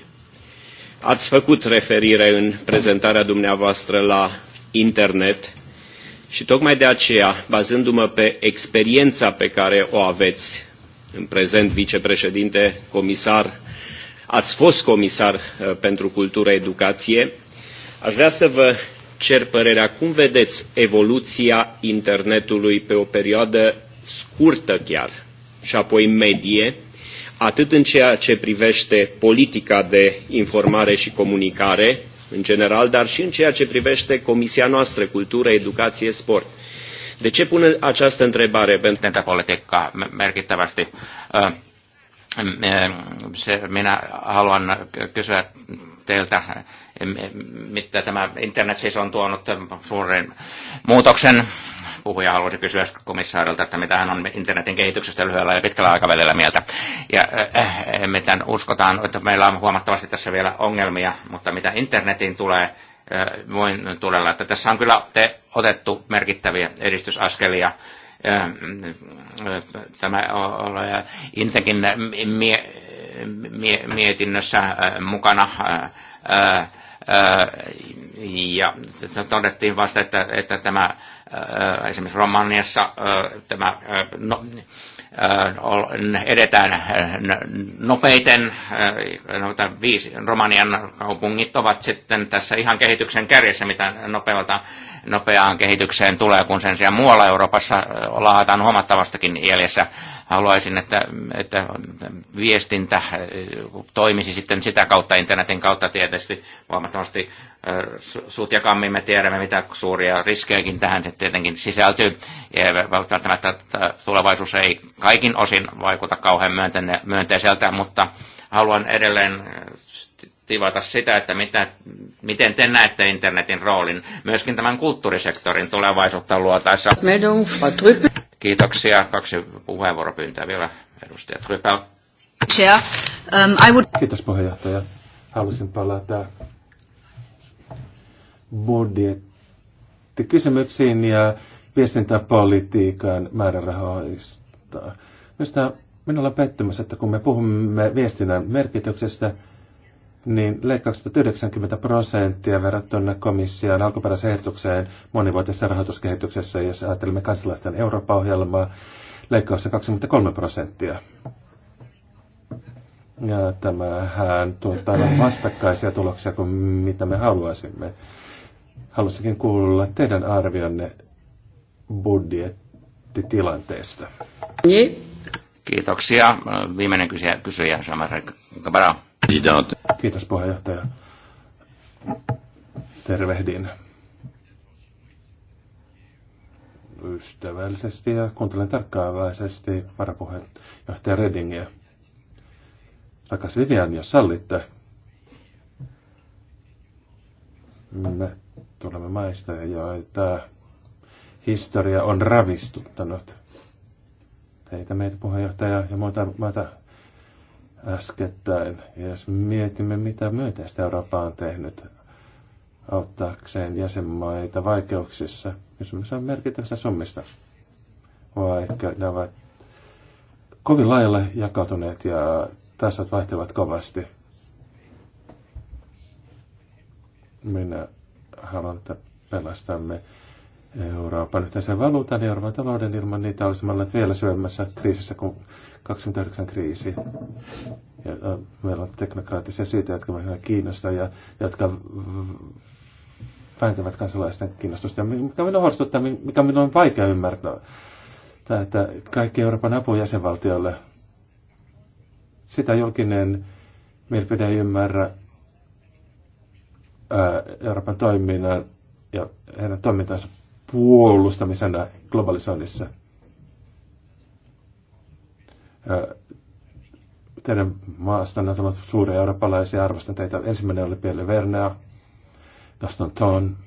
Ați făcut referire în prezentarea dumneavoastră la internet și tocmai de aceea, bazându-mă pe experiența pe care o aveți în prezent vicepreședinte, comisar, ați fost comisar uh, pentru cultură educație, aș vrea să vă cer părerea cum vedeți evoluția internetului pe o perioadă scurtă chiar și apoi medie, atât în ceea ce privește politica de informare și comunicare, în general, dar și în ceea ce privește Comisia noastră, Cultură, Educație, Sport. De ce pun această întrebare? Pentru... Politiikkaa merkittävästi niin, se, minä haluan kysyä teiltä, mitä tämä internet siis on tuonut suuren muutoksen. Puhuja haluaisi kysyä komissaarilta, että mitä hän on internetin kehityksestä lyhyellä ja pitkällä aikavälillä mieltä. Ja äh, eh, mitä uskotaan, että meillä on huomattavasti tässä vielä ongelmia, mutta mitä internetiin tulee, eh, voin tulella, että tässä on kyllä te otettu merkittäviä edistysaskelia tämä oli Intekin mietinnössä äh, mukana äh, äh, ja todettiin vasta, että, että tämä esimerkiksi Romaniassa tämä no, edetään nopeiten. Noita viisi Romanian kaupungit ovat sitten tässä ihan kehityksen kärjessä, mitä nopeata, nopeaan kehitykseen tulee, kun sen sijaan muualla Euroopassa laahataan huomattavastakin jäljessä Haluaisin, että, että viestintä äh, toimisi sitten sitä kautta, internetin kautta tietysti huomattavasti äh, suut ja kammin me tiedämme mitä suuria riskejäkin tähän tietenkin sisältyy. Ja välttämättä tulevaisuus ei kaikin osin vaikuta kauhean myönteiseltä, mutta haluan edelleen äh, tivata sitä, että mitä, miten te näette internetin roolin, myöskin tämän kulttuurisektorin tulevaisuutta luotaessa. Kiitoksia. Kaksi puheenvuoropyyntöä vielä, edustaja Trypel. Um, Kiitos puheenjohtaja. Halusin palata budjettikysymyksiin ja viestintäpolitiikan määrärahoista. Minusta minulla on pettymys, että kun me puhumme viestinnän merkityksestä, niin leikkaukset 90 prosenttia verrattuna komission alkuperäiseen ehdotukseen monivuotisessa rahoituskehityksessä, jos ajattelemme kansalaisten Eurooppa-ohjelmaa, leikkaus 23 prosenttia. Ja tämähän tuottaa vastakkaisia tuloksia kuin mitä me haluaisimme. Haluaisinkin kuulla teidän arvionne budjettitilanteesta. Kiitoksia. Viimeinen kysyjä, kysyjä Samara Kabara. Kiitos puheenjohtaja. Tervehdin ystävällisesti ja kuuntelen tarkkaavaisesti varapuheenjohtaja Redingiä. Rakas Vivian, jos sallitte, me tulemme maista, joita historia on ravistuttanut. Teitä meitä puheenjohtaja ja muita maata äskettäin. Ja jos mietimme, mitä myönteistä Eurooppa on tehnyt auttaakseen jäsenmaita vaikeuksissa, kysymys on merkittävästä summista, vaikka ne ovat kovin laajalle jakautuneet ja tasot vaihtelevat kovasti. Minä haluan, että pelastamme Euroopan yhteisen valuutan ja Euroopan talouden ilman niitä olisimme olleet vielä syvemmässä kriisissä kuin 29 kriisi. Ja, meillä on teknokraattisia syitä, jotka meitä kiinnostaa ja jotka vähentävät kansalaisten kiinnostusta. Ja mikä minua horstuttaa, mikä minua on vaikea ymmärtää, tämä, että kaikki Euroopan apu jäsenvaltiolle, sitä julkinen mielipide ei ymmärrä ää, Euroopan toiminnan ja heidän toimintansa puolustamisena globalisoinnissa – teidän maasta on tullut suuria eurooppalaisia, arvostan teitä. Ensimmäinen oli Pierre Vernea, Gaston Ton,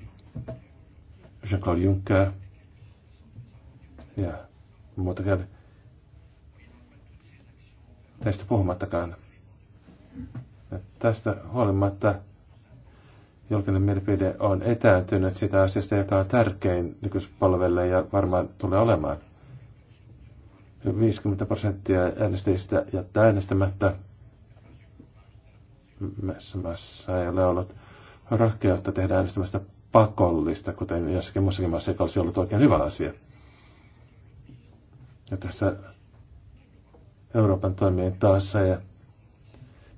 Jean-Claude Juncker ja muuta kävi. Teistä puhumattakaan. Ja tästä huolimatta julkinen mielipide on etääntynyt sitä asiasta, joka on tärkein nykyispolvelle ja varmaan tulee olemaan – 50 prosenttia äänestäjistä jättää äänestämättä. Mässä ei ole ollut rohkeutta tehdä äänestämästä pakollista, kuten jossakin muissakin maassa, joka olisi ollut oikein hyvä asia. Ja tässä Euroopan toimien taassa ja,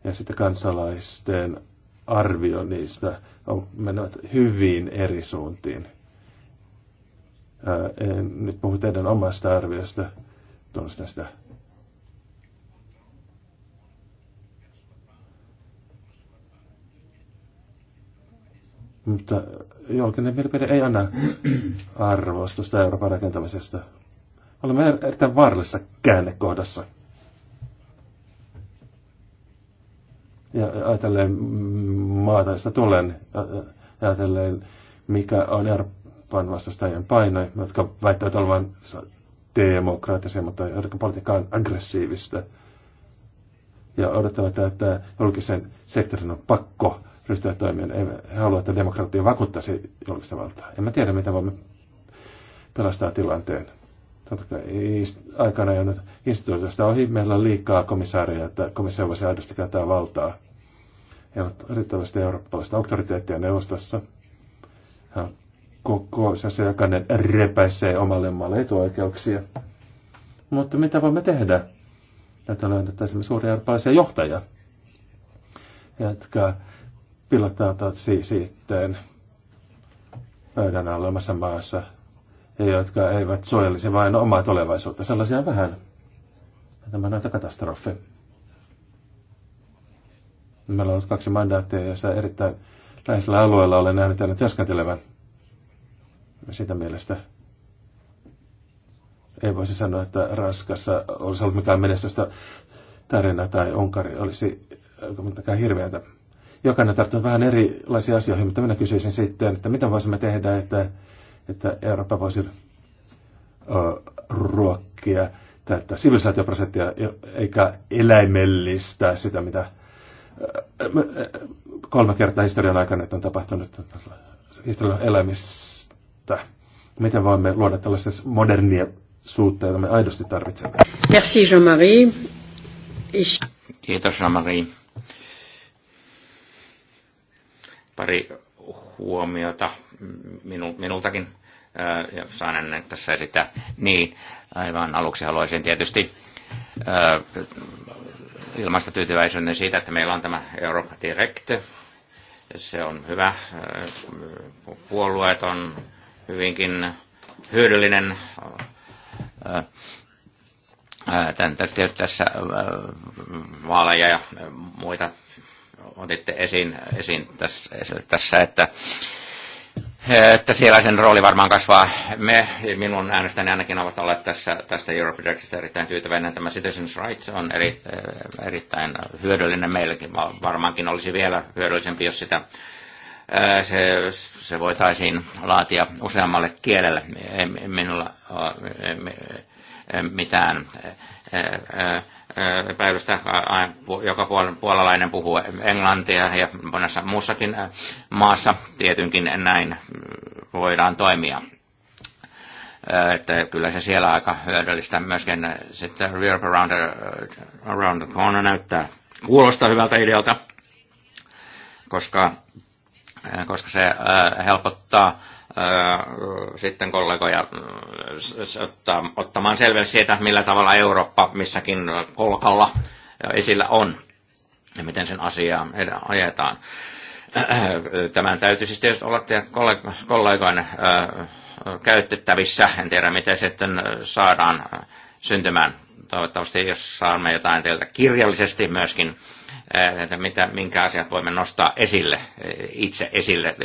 ja sitten kansalaisten arvio niistä on mennyt hyvin eri suuntiin. Ää, en nyt puhu teidän omasta arviosta, sitä, sitä. Mutta julkinen mielipide ei anna arvostusta Euroopan rakentamisesta. Olemme er-, erittäin vaarallisessa käännekohdassa. Ja ajatellen maata, josta tulen, ajatellen mikä on Euroopan vastustajien paino, jotka väittävät olevan demokraattisemmat tai politiikkaan aggressiivista. Ja odottavat, että julkisen sektorin on pakko ryhtyä toimimaan. Ei halua, että demokratia vakuuttaisi julkista valtaa. En mä tiedä, miten voimme pelastaa tilanteen. Totta kai aikana ei ole instituutiosta ohi. Meillä on liikaa komissaaria, että komissio voisi aidosti käyttää valtaa. Ei ole riittävästi eurooppalaista auktoriteettia neuvostossa. He Koko se jokainen repäisee omalle maalle etuoikeuksia. Mutta mitä voimme tehdä? Näitä löydettäisiin suuria eurooppalaisia johtajia, jotka pilottautuvat siis sitten pöydän alla omassa maassa, ja jotka eivät suojelisi vain omaa tulevaisuutta. Sellaisia vähän. Tämä on aika katastrofi. Meillä on ollut kaksi mandaattia, se erittäin läheisellä alueella olen nähnyt teidän työskentelevän sitä mielestä ei voisi sanoa, että Raskassa olisi ollut mikään menestystä tarina tai onkari olisi mitenkään hirveätä. Jokainen tarttuu vähän erilaisia asioihin, mutta minä kysyisin sitten, että mitä voisimme tehdä, että, että Eurooppa voisi ruokkia tätä sivilisaatioprosenttia, eikä eläimellistä sitä, mitä kolme kertaa historian aikana on tapahtunut historian eläimistä että miten voimme luoda tällaista modernia suutta, jota me aidosti tarvitsemme. Merci Jean-Marie. Ich... Kiitos Jean-Marie. Pari huomiota minu, minultakin äh, ja saanen tässä sitä. Niin, aivan aluksi haluaisin tietysti äh, ilmaista tyytyväisyyden siitä, että meillä on tämä Europa Direct. Se on hyvä, äh, on hyvinkin hyödyllinen tässä vaaleja ja muita otitte esiin, esiin tässä, että, että siellä sen rooli varmaan kasvaa. Me, minun äänestäni ainakin ovat olleet tässä, tästä Europe Directista erittäin tyytyväinen. Tämä Citizens Rights on eri, erittäin hyödyllinen meillekin. Varmaankin olisi vielä hyödyllisempi, jos sitä se, se voitaisiin laatia useammalle kielelle. Ei minulla ole mitään päivystä. Joka puolalainen puhuu englantia ja monessa muussakin maassa tietynkin näin voidaan toimia. Että kyllä se siellä aika hyödyllistä myöskin sitten Europe around around the Corner näyttää kuulosta hyvältä idealta, koska Äh, koska se äh, helpottaa äh, sitten kollegoja mm, ottamaan selväksi siitä, millä tavalla Eurooppa missäkin kolkalla esillä on ja miten sen asiaa ajetaan. Tämän täytyy siis tietysti olla kollegoiden käytettävissä. En tiedä, miten sitten saadaan syntymään. Toivottavasti, jos saamme jotain teiltä kirjallisesti myöskin että mitä, minkä asiat voimme nostaa esille, itse esille,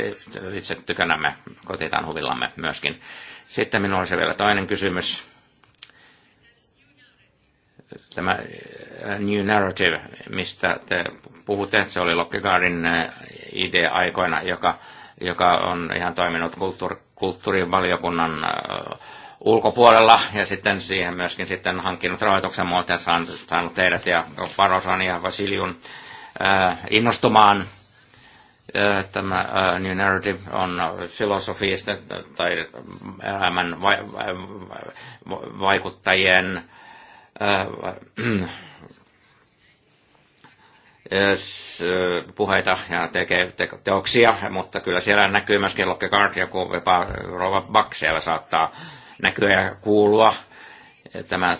itse tykönämme kotitaan huvillamme myöskin. Sitten minulla on se vielä toinen kysymys. Tämä äh, New Narrative, mistä te puhutte, se oli Lockegaardin äh, idea aikoina, joka, joka on ihan toiminut kulttuur, kulttuurivaliokunnan äh, ulkopuolella ja sitten siihen myöskin sitten hankkinut rahoituksen muuten saanut teidät ja Parosan ja Vasiljun äh, innostumaan. Äh, tämä äh, New Narrative on filosofista tai elämän vaikuttajien puheita ja tekee te, teoksia, mutta kyllä siellä näkyy myöskin Locke Gard, joku Rova Buck siellä saattaa näkyä ja kuulua. Tämä äh,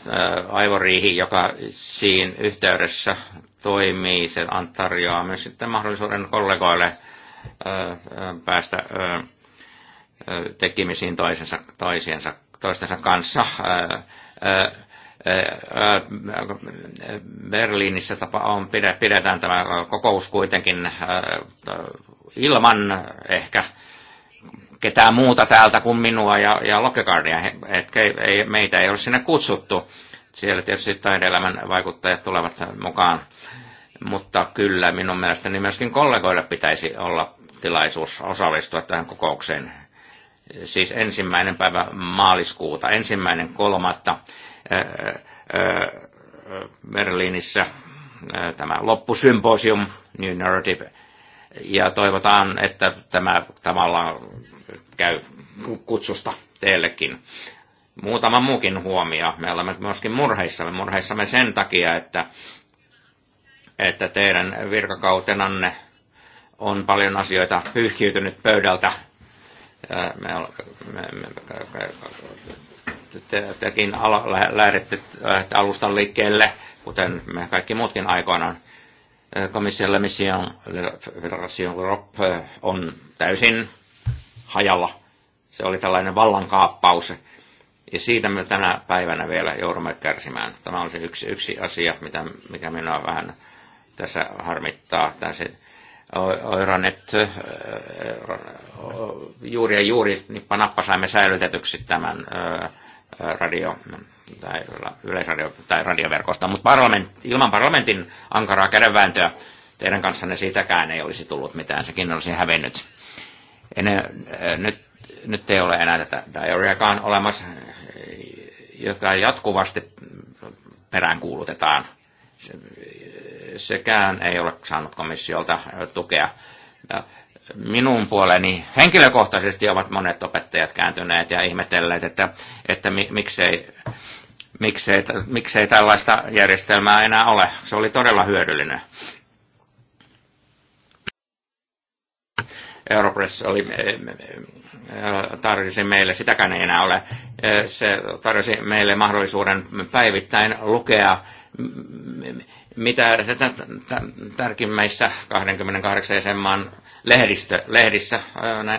aivoriihi, joka siinä yhteydessä toimii, se tarjoaa myös sitten mahdollisuuden kollegoille äh, äh, päästä tekemisiin toisensa, toisiensa, toistensa kanssa. Berliinissä tapa on, pidetään tämä kokous kuitenkin ilman ehkä ketään muuta täältä kuin minua ja, ja Lokegardia, että ei, meitä ei ole sinne kutsuttu. Siellä tietysti taideelämän vaikuttajat tulevat mukaan, mutta kyllä minun mielestäni myöskin kollegoille pitäisi olla tilaisuus osallistua tähän kokoukseen. Siis ensimmäinen päivä maaliskuuta, ensimmäinen kolmatta Berliinissä tämä loppusymposium New Narrative. Ja toivotaan, että tämä tavallaan käy kutsusta teillekin. Muutama muukin huomio. Me olemme myöskin murheissamme. Murheissamme sen takia, että, että teidän virkakautenanne on paljon asioita pyyhkiytynyt pöydältä. Me, me, me, me, te, tekin al, lähdette, lähdette alustan liikkeelle, kuten me kaikki muutkin aikoinaan. komissiolle Mission Federation Europe on täysin hajalla. Se oli tällainen vallankaappaus. Ja siitä me tänä päivänä vielä joudumme kärsimään. Tämä on se yksi, yksi asia, mitä, mikä minua vähän tässä harmittaa. Tämä se Oiranet juuri ja juuri nappa saimme säilytetyksi tämän radio tai yleisradio tai radioverkosta, mutta parlament, ilman parlamentin ankaraa kädenvääntöä teidän kanssanne siitäkään ei olisi tullut mitään, sekin olisi hävennyt ne, eh, nyt, nyt ei ole enää tätä diariakaan olemassa, jota jatkuvasti peräänkuulutetaan. sekään ei ole saanut komissiolta eh, tukea. Minun puoleni henkilökohtaisesti ovat monet opettajat kääntyneet ja ihmetelleet, että, että mi, miksei, miksei, miksei tällaista järjestelmää enää ole. Se oli todella hyödyllinen Europress oli, eh, eh, eh, tarjosi meille, sitäkään ei enää ole, se tarjosi meille mahdollisuuden päivittäin lukea, mitä tärkeimmäissä 28 jäsenmaan lehdistö, lehdissä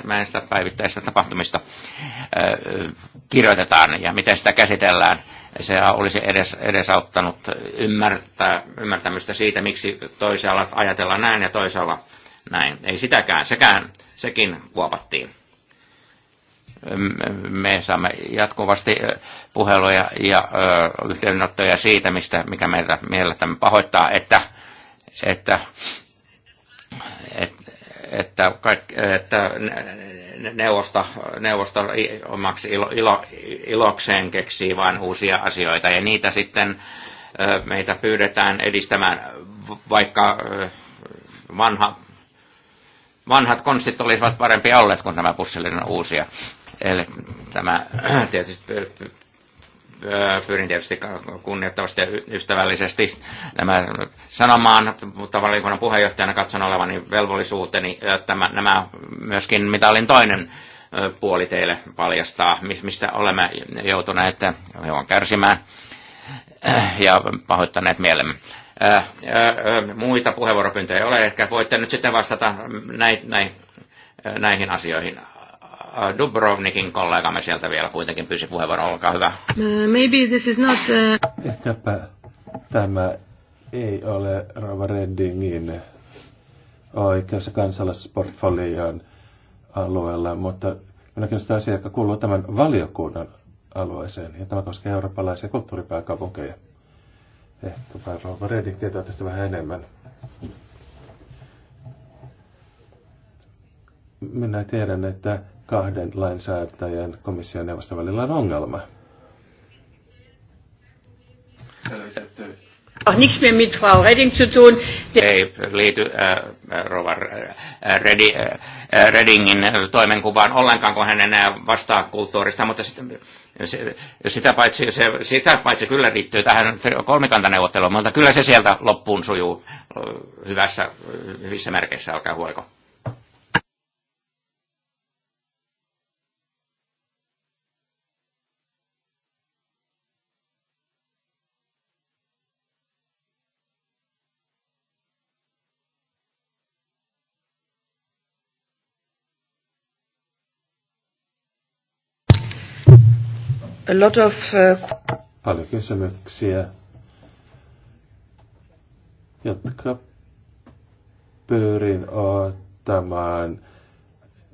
näistä päivittäisistä tapahtumista kirjoitetaan ja miten sitä käsitellään. Se olisi edes, edesauttanut ymmärtää, ymmärtämystä siitä, miksi toisaalla ajatellaan näin ja toisaalla näin. Ei sitäkään, sekään, sekin kuopattiin. Me saamme jatkuvasti puheluja ja yhteydenottoja siitä, mistä, mikä meiltä mielestämme pahoittaa, että, että, että, että, kaikki, että neuvosto, neuvosto omaksi ilo, ilo, ilokseen keksii vain uusia asioita ja niitä sitten meitä pyydetään edistämään, vaikka vanha vanhat konstit olisivat parempi olleet kuin nämä pussillinen uusia. Eli tämä tietysti pyrin tietysti kunnioittavasti ja ystävällisesti nämä sanomaan, mutta valiokunnan puheenjohtajana katson olevani velvollisuuteni että nämä myöskin mitä olin toinen puoli teille paljastaa, mistä olemme joutuneet hieman kärsimään ja pahoittaneet mielemme. Äh, äh, äh, muita puheenvuoropyyntöjä ei ole, ehkä voitte nyt sitten vastata näin, näin, näihin asioihin. Dubrovnikin kollegamme sieltä vielä kuitenkin pyysi puheenvuoron, olkaa hyvä. Maybe this is not... Uh... Ehkäpä tämä ei ole Rova Reddingin oikeassa kansalaisportfolioon alueella, mutta minäkin sitä asiaa, joka kuuluu tämän valiokunnan alueeseen, ja tämä koskee eurooppalaisia kulttuuripääkaupunkeja. Ehkä Varrova Redik tietää tästä vähän enemmän. Minä tiedän, että kahden lainsäätäjän komission neuvoston välillä on ongelma. Selvitä auch nichts mehr mit Frau Redding zu tun. Ei liity äh, äh Rova äh, Redi, äh, äh Redingin toimenkuvaan ollenkaan, kun hän enää vastaa kulttuurista, mutta sitten se, sitä, paitsi, se, sitä paitsi kyllä liittyy tähän kolmikantaneuvotteluun, mutta kyllä se sieltä loppuun sujuu hyvässä, hyvissä merkeissä, alkaa huoliko. a lot of... Uh... Paljon kysymyksiä, jotka pyrin ottamaan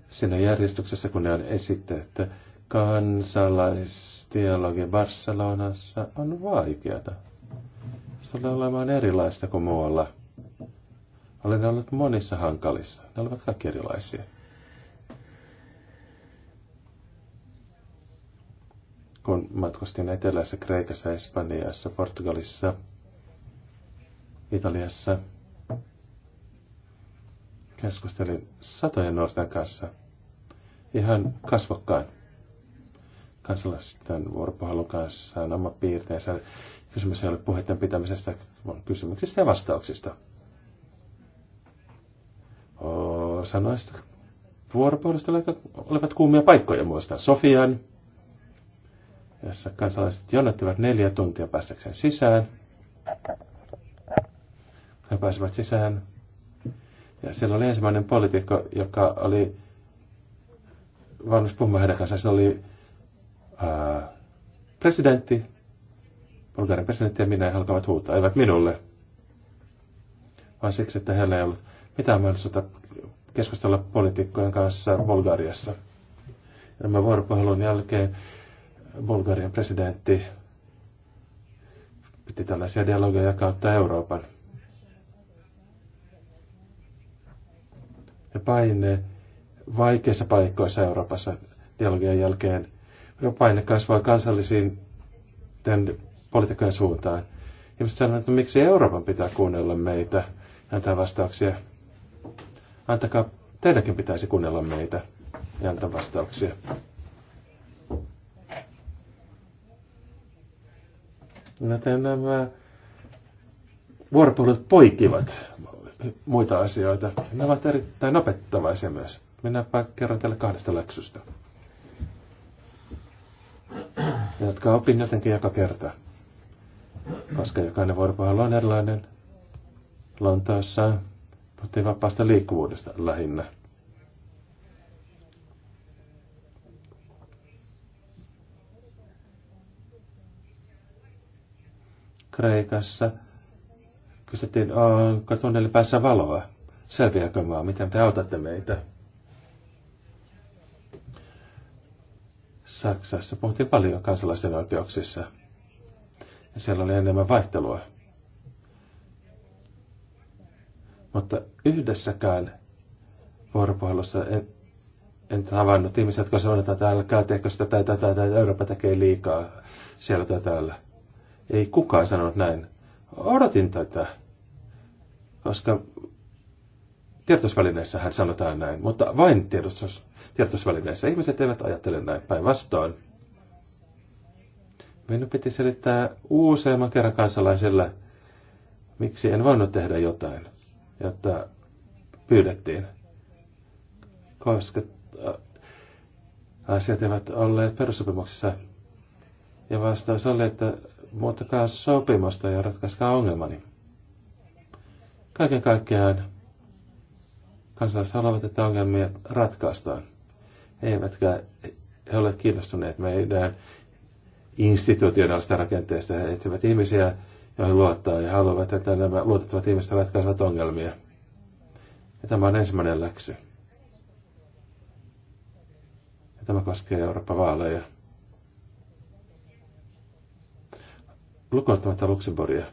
siinä järjestyksessä, kun ne on esitetty. Kansalaisdialogi Barcelonassa on vaikeata. Se on olemaan erilaista kuin muualla. Olen ollut monissa hankalissa. Ne olivat kaikki erilaisia. kun matkustin etelässä Kreikassa, Espanjassa, Portugalissa, Italiassa. Keskustelin satojen nuorten kanssa. Ihan kasvokkain. Kansalaisten vuoropuhelun kanssa nämä oma piirteensä. Kysymys ei ole puheiden pitämisestä, vaan kysymyksistä ja vastauksista. sanoista vuoropuhelusta olivat kuumia paikkoja muista, Sofian, jossa kansalaiset jonottivat neljä tuntia päästäkseen sisään. He pääsivät sisään. Ja siellä oli ensimmäinen poliitikko, joka oli valmis puhumaan heidän kanssaan. Se oli ää, presidentti, Bulgarian presidentti ja minä he alkavat huutaa, eivät minulle, vaan siksi, että heillä ei ollut mitään mahdollisuutta keskustella poliitikkojen kanssa Bulgariassa. Ja tämän vuoropuhelun jälkeen Bulgarian presidentti piti tällaisia dialogeja kautta Euroopan. Ja paine vaikeissa paikoissa Euroopassa dialogien jälkeen ja paine kasvaa kansallisiin poliitikkojen suuntaan. Ihmiset sanovat, että miksi Euroopan pitää kuunnella meitä, antaa vastauksia. Antakaa, teidänkin pitäisi kuunnella meitä ja antaa vastauksia. Joten nämä vuoropuhelut poikivat muita asioita. Ne ovat erittäin opettavaisia myös. Minäpä kerron teille kahdesta läksystä, jotka opin jotenkin joka kerta. Koska jokainen vuoropuhelu on erilainen. Lontoossa puhuttiin vapaasta liikkuvuudesta lähinnä. Kreikassa. Kysyttiin, onko tunnelin päässä valoa? Selviääkö vaan, Miten te autatte meitä? Saksassa puhuttiin paljon kansalaisten oikeuksissa. Ja siellä oli enemmän vaihtelua. Mutta yhdessäkään vuoropuhelussa en, en tavannut ihmisiä, jotka sanoivat, että älkää tehkö sitä tai tätä, tai Eurooppa tekee liikaa siellä tai täällä. Ei kukaan sanonut näin. Odotin tätä, koska tiedotusvälineissähän sanotaan näin, mutta vain tiedotus, tiedotusvälineissä. Ihmiset eivät ajattele näin päinvastoin. Minun piti selittää useamman kerran kansalaisille, miksi en voinut tehdä jotain, jotta pyydettiin. Koska äh, asiat eivät olleet perussopimuksessa. Ja vastaus oli, että muuttakaa sopimusta ja ratkaiskaa ongelmani. Kaiken kaikkiaan kansalaiset haluavat, että ongelmia ratkaistaan. He eivätkä he ole kiinnostuneet meidän institutionaalista rakenteesta. He etsivät ihmisiä, joihin luottaa ja haluavat, että nämä luotettavat ihmiset ratkaisevat ongelmia. Ja tämä on ensimmäinen läksy. Ja tämä koskee eurooppa vaaleja. lukottamatta Luxemburgia.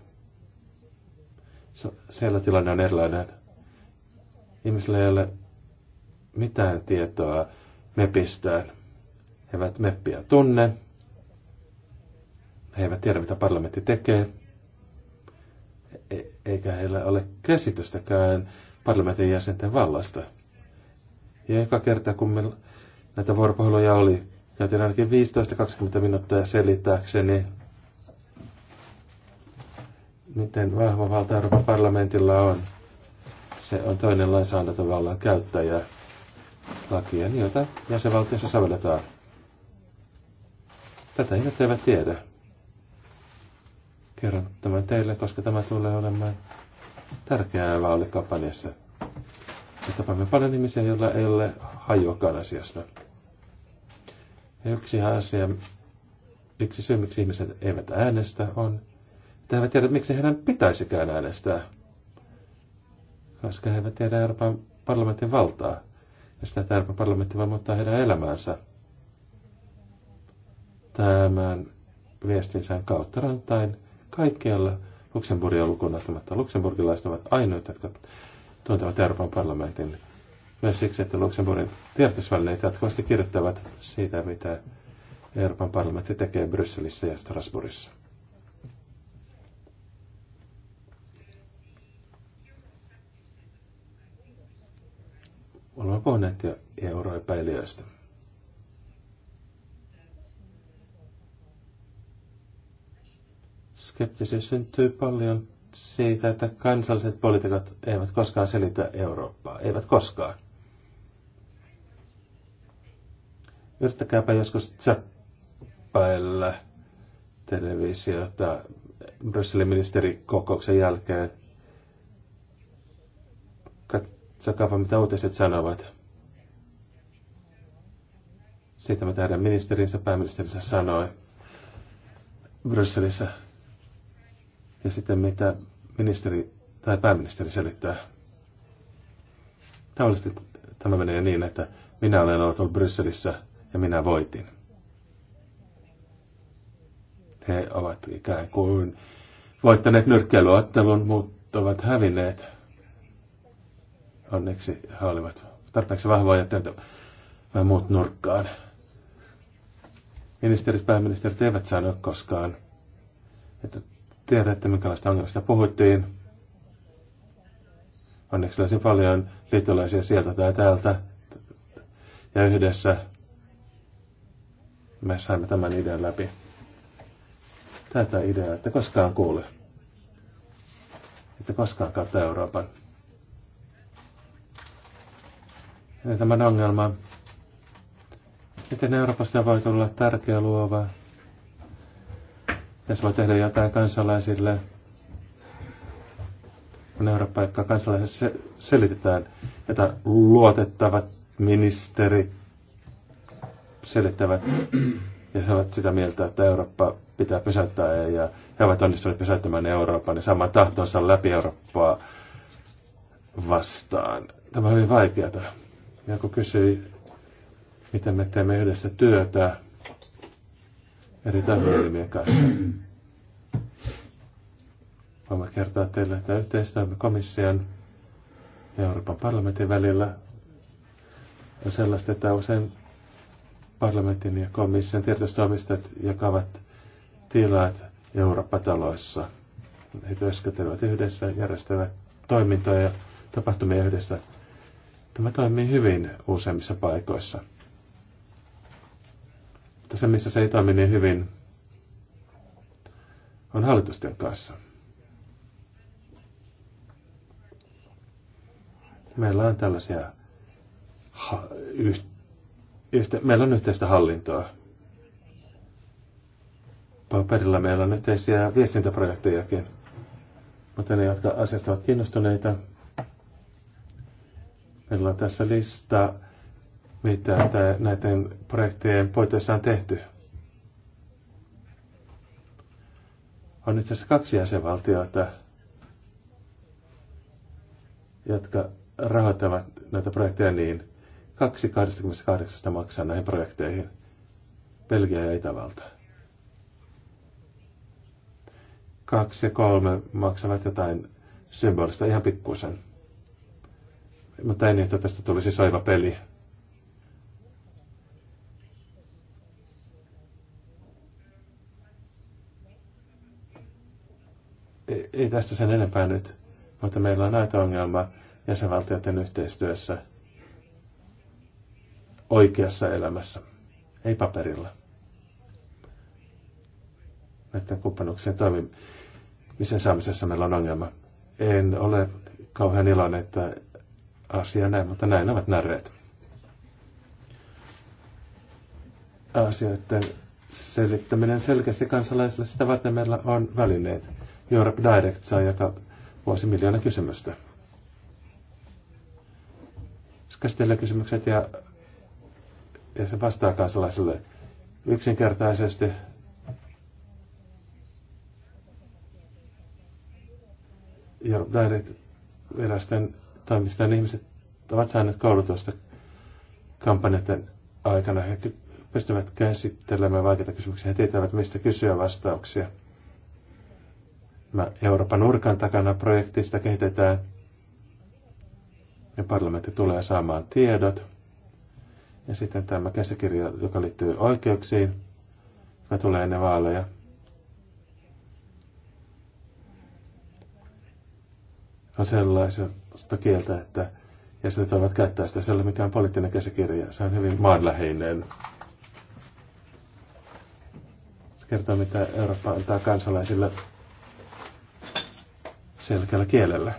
Siellä tilanne on erilainen. Ihmisillä ei ole mitään tietoa MEPistään. He eivät MEPpiä tunne. He eivät tiedä, mitä parlamentti tekee. E- eikä heillä ole käsitystäkään parlamentin jäsenten vallasta. Ja joka kerta, kun me näitä vuoropuheluja oli, käytiin ainakin 15-20 minuuttia selittääkseni miten vahva valta Euroopan parlamentilla on. Se on toinen lainsäädäntövallan käyttäjä lakia, niin joita jäsenvaltiossa sovelletaan. Tätä ihmiset eivät tiedä. Kerron tämän teille, koska tämä tulee olemaan tärkeää vaalikampanjassa. Me tapaamme paljon ihmisiä, joilla ei ole hajuakaan asiasta. Ja yksi asia, yksi syy, miksi ihmiset eivät äänestä, on, he eivät tiedä, miksi heidän pitäisikään äänestää, koska he eivät tiedä Euroopan parlamentin valtaa. Ja sitä, että Euroopan parlamentti voi muuttaa heidän elämäänsä tämän viestinsään kautta rantain kaikkialla Luxemburgia lukuun ottamatta. Luxemburgilaiset ovat ainoat, jotka tuntevat Euroopan parlamentin myös siksi, että Luxemburgin tiedotusvälineet jatkuvasti kirjoittavat siitä, mitä Euroopan parlamentti tekee Brysselissä ja Strasbourgissa. Olemme puhuneet jo euroepäilijöistä. Skeptisyys syntyy paljon siitä, että kansalliset poliitikot eivät koskaan selitä Eurooppaa. Eivät koskaan. Yrittäkääpä joskus tsäppäillä televisiota Brysselin ministerikokouksen jälkeen – Sakaapa, mitä uutiset sanovat. Siitä mä tähden ministerinsä, pääministerinsä sanoi Brysselissä. Ja sitten mitä ministeri tai pääministeri selittää. Tavallisesti tämä menee niin, että minä olen ollut Brysselissä ja minä voitin. He ovat ikään kuin voittaneet nyrkkeilyottelun, mutta ovat hävinneet Onneksi he olivat tarpeeksi vahvoja, että mä muut nurkkaan. Ministerit, pääministerit eivät sano koskaan, että tiedätte, minkälaista ongelmista puhuttiin. Onneksi löysin paljon liittolaisia sieltä tai täältä. Ja yhdessä me saimme tämän idean läpi. Tätä ideaa, että koskaan kuule. Että koskaan kautta Euroopan. tämän ongelman. Miten Euroopasta voi tulla tärkeä luova? se voi tehdä jotain kansalaisille, kun europaikka kansalaisille selitetään, että luotettavat ministerit selittävät ja he ovat sitä mieltä, että Eurooppa pitää pysäyttää ja he ovat onnistuneet pysäyttämään Euroopan ja saman tahtonsa läpi Eurooppaa vastaan. Tämä on hyvin vaikeaa. Jaakko kysyi, miten me teemme yhdessä työtä eri toimielimien kanssa. Voimme kertoa teille, että yhteistyömme komission ja Euroopan parlamentin välillä on sellaista, että usein parlamentin ja komission tiedotustoimistot jakavat tilat Eurooppa-taloissa. He työskentelevät yhdessä, järjestävät toimintoja ja tapahtumia yhdessä Tämä toimii hyvin useimmissa paikoissa. se, missä se ei toimi niin hyvin, on hallitusten kanssa. Meillä on tällaisia ha, yht- yhtä, meillä on yhteistä hallintoa. Paperilla meillä on yhteisiä viestintäprojektejakin. Mutta ne, jotka asiasta ovat kiinnostuneita, Meillä on tässä lista, mitä näiden projektien puitteissa on tehty. On itse asiassa kaksi jäsenvaltiota, jotka rahoittavat näitä projekteja niin. Kaksi 28 maksaa näihin projekteihin. Belgia ja Itävalta. Kaksi ja kolme maksavat jotain symbolista ihan pikkuisen. Mä tein niin, että tästä tulisi siis saiva peli. Ei, ei tästä sen enempää nyt, mutta meillä on näitä ongelma jäsenvaltioiden yhteistyössä oikeassa elämässä, ei paperilla. Näiden kumppanuksien toimimisen saamisessa meillä on ongelma. En ole kauhean iloinen, että asia näin, mutta näin ovat närreet. Asioiden selittäminen selkeästi kansalaisille, sitä varten meillä on välineet. Europe Direct saa joka vuosi miljoona kysymystä. Käsitellään kysymykset ja, ja se vastaa kansalaisille yksinkertaisesti. Europe Direct viraston niin ihmiset ovat saaneet koulutusta kampanjoiden aikana. He pystyvät käsittelemään vaikeita kysymyksiä. He tietävät, mistä kysyä vastauksia. Mä Euroopan nurkan takana projektista kehitetään ja parlamentti tulee saamaan tiedot. Ja sitten tämä käsikirja, joka liittyy oikeuksiin, joka tulee ennen vaaleja – on sellaisesta kieltä, että jäsenet voivat käyttää sitä. Se ei ole mikään poliittinen käsikirja. Se on hyvin maanläheinen. Se kertoo, mitä Eurooppa antaa kansalaisille selkeällä kielellä.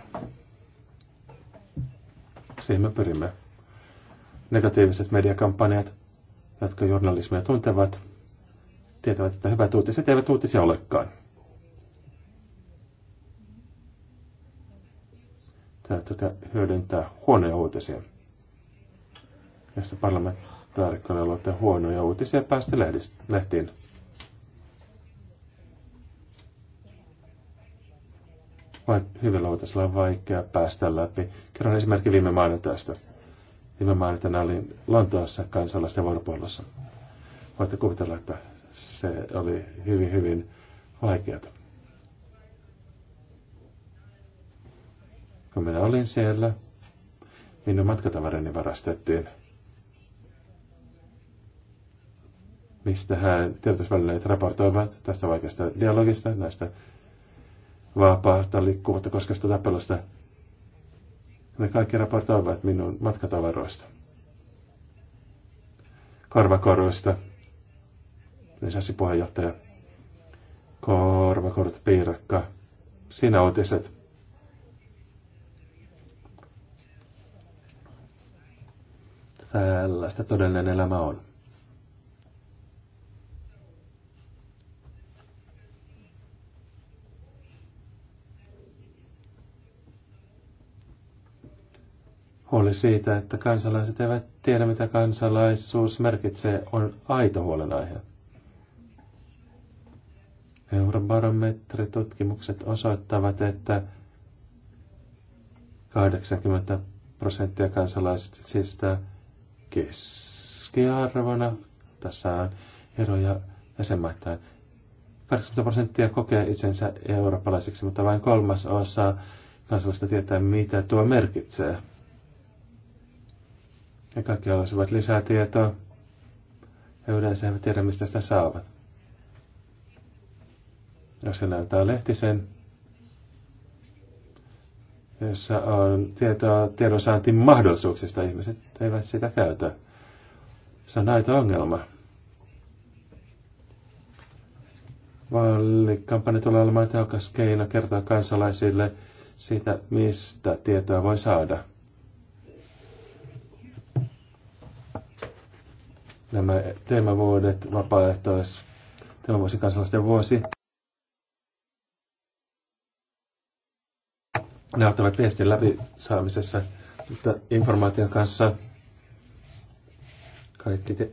Siihen me pyrimme. Negatiiviset mediakampanjat, jotka journalismia tuntevat, tietävät, että hyvät uutiset eivät uutisia olekaan. yritä hyödyntää huonoja uutisia. Josta parlamentaarikkoina luotte huonoja uutisia päästä lehtiin. Vain hyvillä uutisilla on vaikea päästä läpi. Kerron esimerkki viime tästä. Viime maanantaina olin Lontoossa kansalaisten vuoropuolossa. Voitte kuvitella, että se oli hyvin, hyvin vaikeaa. Kun minä olin siellä, minun niin matkatavarani varastettiin. Mistä hän tiedotusvälineet raportoivat tästä vaikeasta dialogista, näistä vapaata liikkuvuutta koskevasta tappelusta. Ne kaikki raportoivat minun matkatavaroista. Korvakoruista, lisäsi puheenjohtaja. Korvakorut piirakka. Sinä uutiset. tällaista todellinen elämä on. Huoli siitä, että kansalaiset eivät tiedä, mitä kansalaisuus merkitsee, on aito huolenaihe. Eurobarometritutkimukset osoittavat, että 80 prosenttia kansalaisista siis keskiarvona. Tässä on eroja jäsenmaittain. 80 prosenttia kokee itsensä eurooppalaiseksi, mutta vain kolmas osa kansalaista tietää, mitä tuo merkitsee. Ja kaikki haluaisivat lisää tietoa. Ja yleensä eivät tiedä, mistä sitä saavat. Jos se näyttää lehtisen, jossa on tietoa tiedonsaantin mahdollisuuksista. Ihmiset eivät sitä käytä. Se on aito ongelma. Vaalikampanja tulee olemaan tehokas keino kertoa kansalaisille siitä, mistä tietoa voi saada. Nämä teemavuodet, vapaaehtois, teemavuosi, kansalaisten vuosi. ne auttavat viestin läpi saamisessa mutta informaation kanssa. Kaikki te,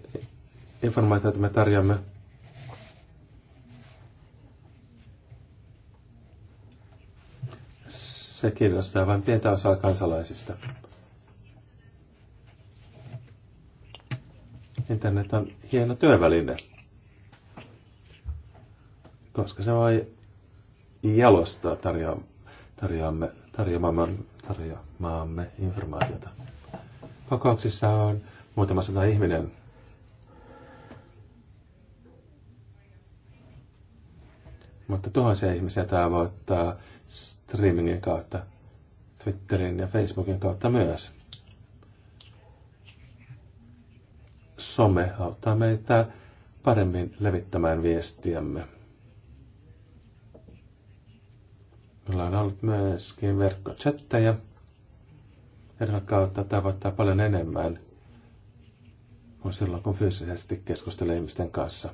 informaatio, jota me tarjoamme, se kiinnostaa vain pientä osaa kansalaisista. Internet on hieno työväline, koska se voi jalostaa tarjoamme Tarjoamamme tarjoamaamme informaatiota. Kokouksissa on muutama sata ihminen. Mutta tuhansia ihmisiä tavoittaa streamingin kautta, Twitterin ja Facebookin kautta myös. Some auttaa meitä paremmin levittämään viestiämme. Meillä on ollut myöskin verkkochatteja, joiden kautta tavoittaa paljon enemmän kuin silloin, kun fyysisesti keskustelee ihmisten kanssa.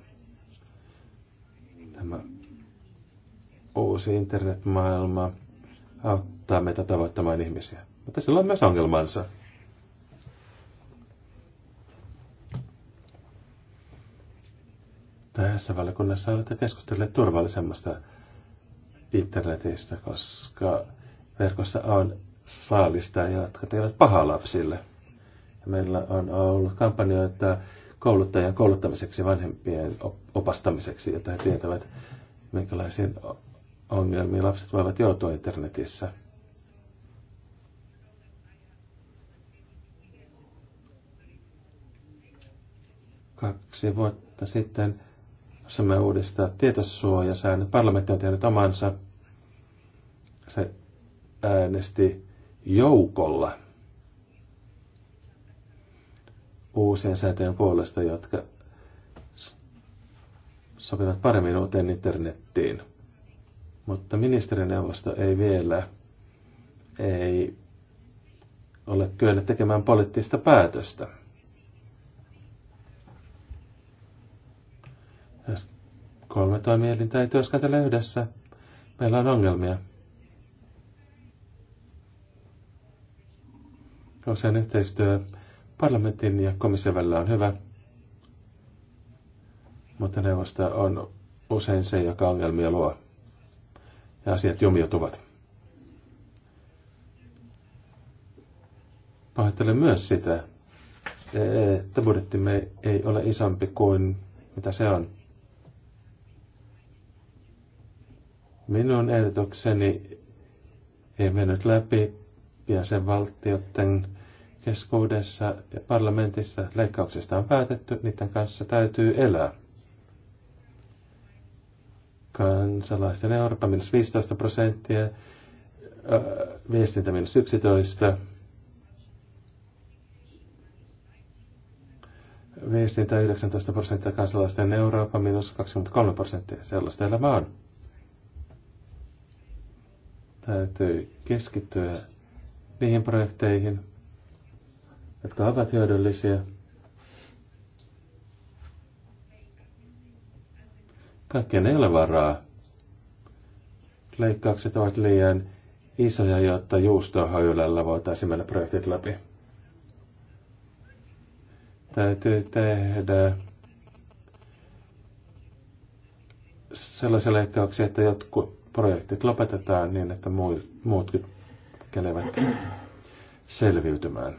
Tämä uusi internetmaailma auttaa meitä tavoittamaan ihmisiä. Mutta sillä on myös ongelmansa. Tässä valiokunnassa olette keskustelleet turvallisemmasta internetistä, koska verkossa on saalista, jotka tekevät pahaa lapsille. Ja meillä on ollut kampanjoita kouluttajan kouluttamiseksi, vanhempien opastamiseksi, jotta he tietävät, minkälaisiin ongelmiin lapset voivat joutua internetissä. Kaksi vuotta sitten Haluaisimme uudistaa tietosuojasäännöt. Parlamentti on tehnyt omansa. Se äänesti joukolla uusien säätöjen puolesta, jotka sopivat paremmin uuteen internettiin. Mutta ministerineuvosto ei vielä ei ole kyennyt tekemään poliittista päätöstä. Jos kolme toimielintä ei työskentele yhdessä, meillä on ongelmia. Usein yhteistyö parlamentin ja komission välillä on hyvä, mutta neuvosto on usein se, joka ongelmia luo ja asiat jumiutuvat. Pahoittelen myös sitä, että budjettimme ei ole isompi kuin mitä se on. Minun ehdotukseni ei mennyt läpi jäsenvaltioiden keskuudessa ja parlamentissa. Leikkauksista on päätetty, niiden kanssa täytyy elää. Kansalaisten Eurooppa minus 15 prosenttia, viestintä minus 11, viestintä 19 prosenttia, kansalaisten Eurooppa minus 23 prosenttia. Sellaista elämä on täytyy keskittyä niihin projekteihin, jotka ovat hyödyllisiä. Kaikkeen ei ole varaa. Leikkaukset ovat liian isoja, jotta juustohöylällä voitaisiin mennä projektit läpi. Täytyy tehdä sellaisia leikkauksia, että jotkut projektit lopetetaan niin, että muutkin kelevät selviytymään.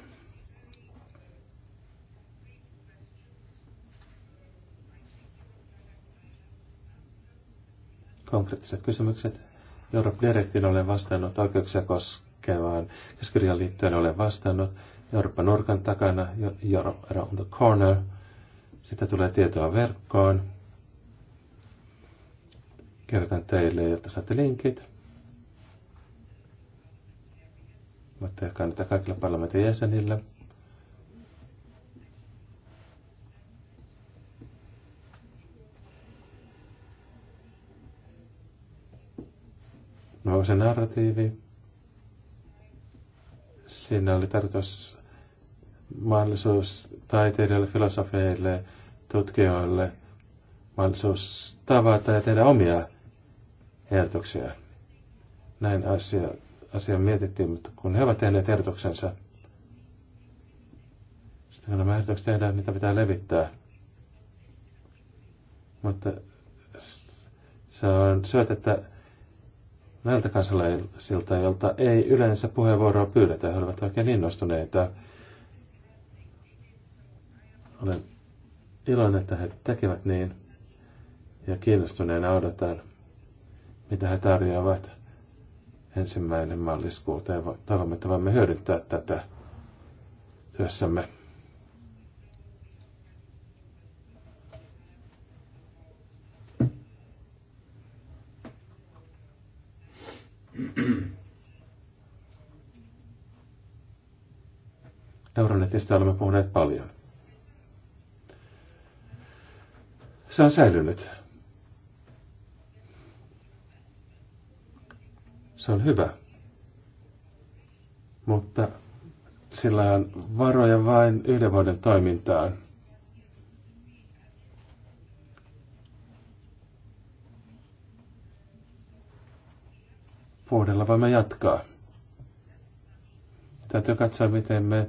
Konkreettiset kysymykset. Euroopan direktiin olen vastannut oikeuksia koskevaan keskirjan liittyen olen vastannut. Euroopan nurkan takana, Europe around the corner. Sitä tulee tietoa verkkoon. Kerrotan teille, jotta saatte linkit. Mutta jakaa niitä kaikille parlamentin jäsenille. No se narratiivi. Siinä oli tarkoitus mahdollisuus taiteilijoille, filosofeille, tutkijoille, mahdollisuus tavata ja tehdä omia ehdotuksia. Näin asia, asia mietittiin, mutta kun he ovat tehneet ehdotuksensa, sitten kun nämä ehdotukset tehdään, niitä pitää levittää. Mutta se on syötettä näiltä kansalaisilta, joilta ei yleensä puheenvuoroa pyydetä. He olivat oikein innostuneita. Olen iloinen, että he tekevät niin ja kiinnostuneena odotan mitä he tarjoavat ensimmäinen maaliskuuta ja toivomme, että voimme hyödyntää tätä työssämme. Euronetistä olemme puhuneet paljon. Se on säilynyt Se on hyvä. Mutta sillä on varoja vain yhden vuoden toimintaan. Vuodella voimme jatkaa. Täytyy katsoa, miten me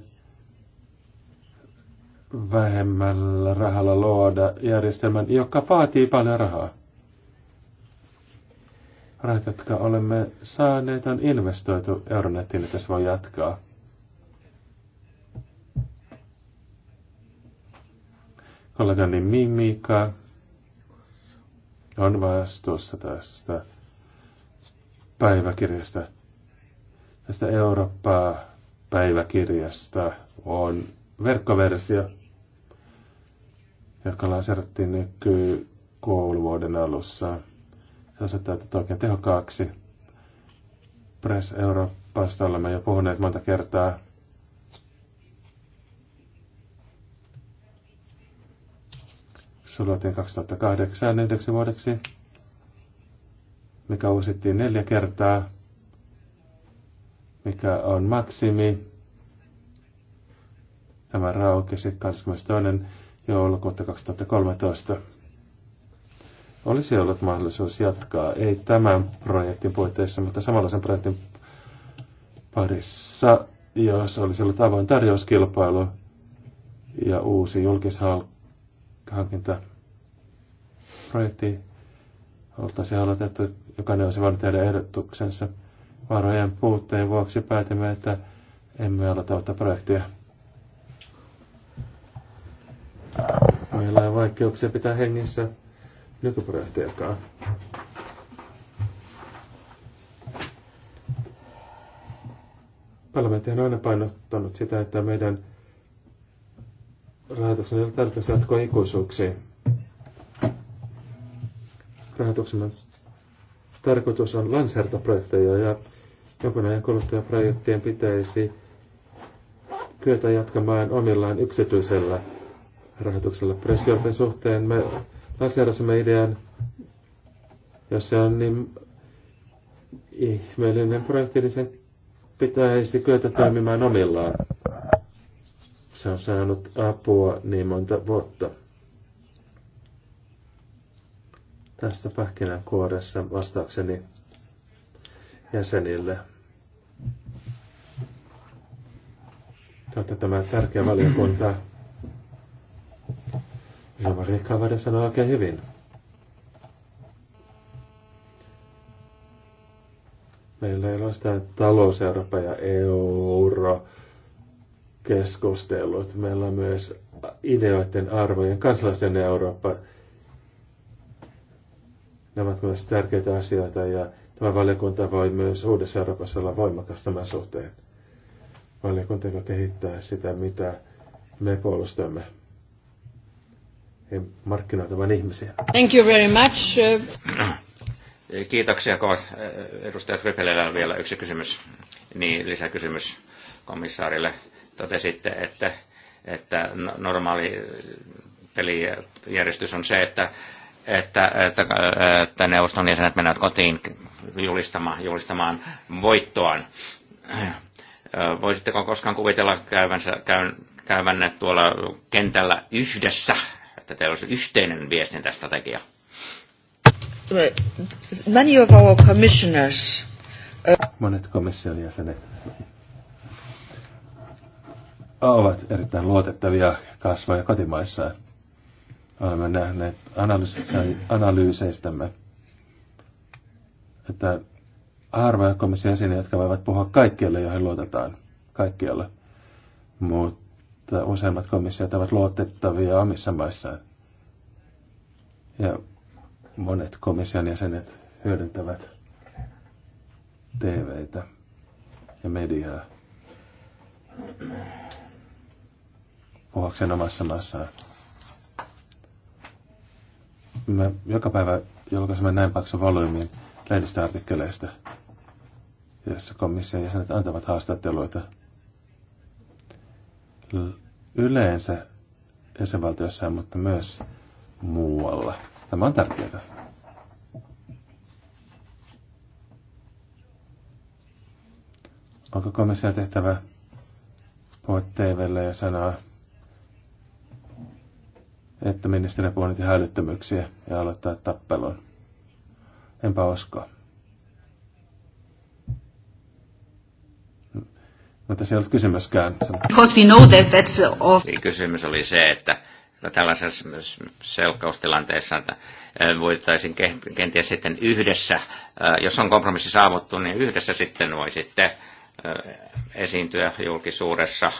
vähemmällä rahalla luoda järjestelmän, joka vaatii paljon rahaa. Rahat, jotka olemme saaneet, on investoitu Euronetiin, että se voi jatkaa. Kollegani Mimika on vastuussa tästä päiväkirjasta. Tästä Eurooppaa päiväkirjasta on verkkoversio, joka lanseerattiin kouluvuoden alussa. Se osoittautui oikein tehokkaaksi. Press Euroopasta olemme jo puhuneet monta kertaa. Se luotiin 2008 yhdeksi vuodeksi, mikä uusittiin neljä kertaa, mikä on maksimi. Tämä raukesi 22. joulukuuta 2013 olisi ollut mahdollisuus jatkaa, ei tämän projektin puitteissa, mutta samanlaisen projektin parissa, jos olisi ollut avoin tarjouskilpailu ja uusi julkishankintaprojekti projekti oltaisiin aloitettu, jokainen olisi voinut tehdä ehdotuksensa. Varojen puutteen vuoksi päätimme, että emme aloita uutta projektia. Meillä on vaikeuksia pitää hengissä nykypuheenjohtajakaan. Parlamentti on aina painottanut sitä, että meidän rahoituksen tarkoitus jatkoa ikuisuuksiin. Rahoituksemme tarkoitus on lanserta projekteja ja jonkun ajan kuluttajaprojektien pitäisi kyetä jatkamaan omillaan yksityisellä rahoituksella. Pressioiden suhteen me lanseerasimme idean, jossa on niin ihmeellinen projekti, niin sen pitäisi kyetä toimimaan omillaan. Se on saanut apua niin monta vuotta. Tässä kuoressa vastaukseni jäsenille. Jotta tämä tärkeä valiokunta Jean-Marie Cavada sanoi oikein hyvin. Meillä ei ole sitä talous ja euro keskustelut. Meillä on myös ideoiden, arvojen, kansalaisten Eurooppa. Nämä ovat myös tärkeitä asioita ja tämä valiokunta voi myös uudessa Euroopassa olla voimakas tämän suhteen. Valiokunta, joka kehittää sitä, mitä me puolustamme markkinoita, ihmisiä. Thank you very much. Äh, kiitoksia kovasti. Äh, edustaja Trypelellä on vielä yksi kysymys, niin lisäkysymys komissaarille. Totesitte, että, että no, normaali äh, pelijärjestys on se, että, että, että, että neuvoston jäsenet menevät kotiin julistamaan, julistamaan voittoaan. Voisitteko koskaan kuvitella käyvänsä, käyn, käyvänne tuolla kentällä yhdessä että teillä olisi yhteinen viestintästrategia? Many of our commissioners, uh, Monet komission jäsenet ovat erittäin luotettavia kasvoja kotimaissaan. Olemme nähneet analyyseistämme, että harvoja komission jäseniä, jotka voivat puhua kaikkialle, joihin luotetaan, kaikkialle. Mutta että useimmat komissiot ovat luotettavia omissa maissaan. Ja monet komission jäsenet hyödyntävät TVtä ja mediaa puhuakseen omassa maassaan. Mä joka päivä julkaisemme näin paksu volyymin artikkeleista, joissa komission jäsenet antavat haastatteluita – yleensä jäsenvaltiossaan, mutta myös muualla. Tämä on tärkeää. Onko komission tehtävä puhua TVlle ja sanoa, että ministeri puhuu niitä hälyttömyyksiä ja aloittaa tappelun? Enpä usko. Mutta se ei ollut kysymyskään. Because we know that that's uh, of... Niin, kysymys oli se, että tällaisessa selkkaustilanteessa, että äh, voitaisiin kenties sitten yhdessä, äh, jos on kompromissi saavuttu, niin yhdessä sitten voi sitten äh, esiintyä julkisuudessa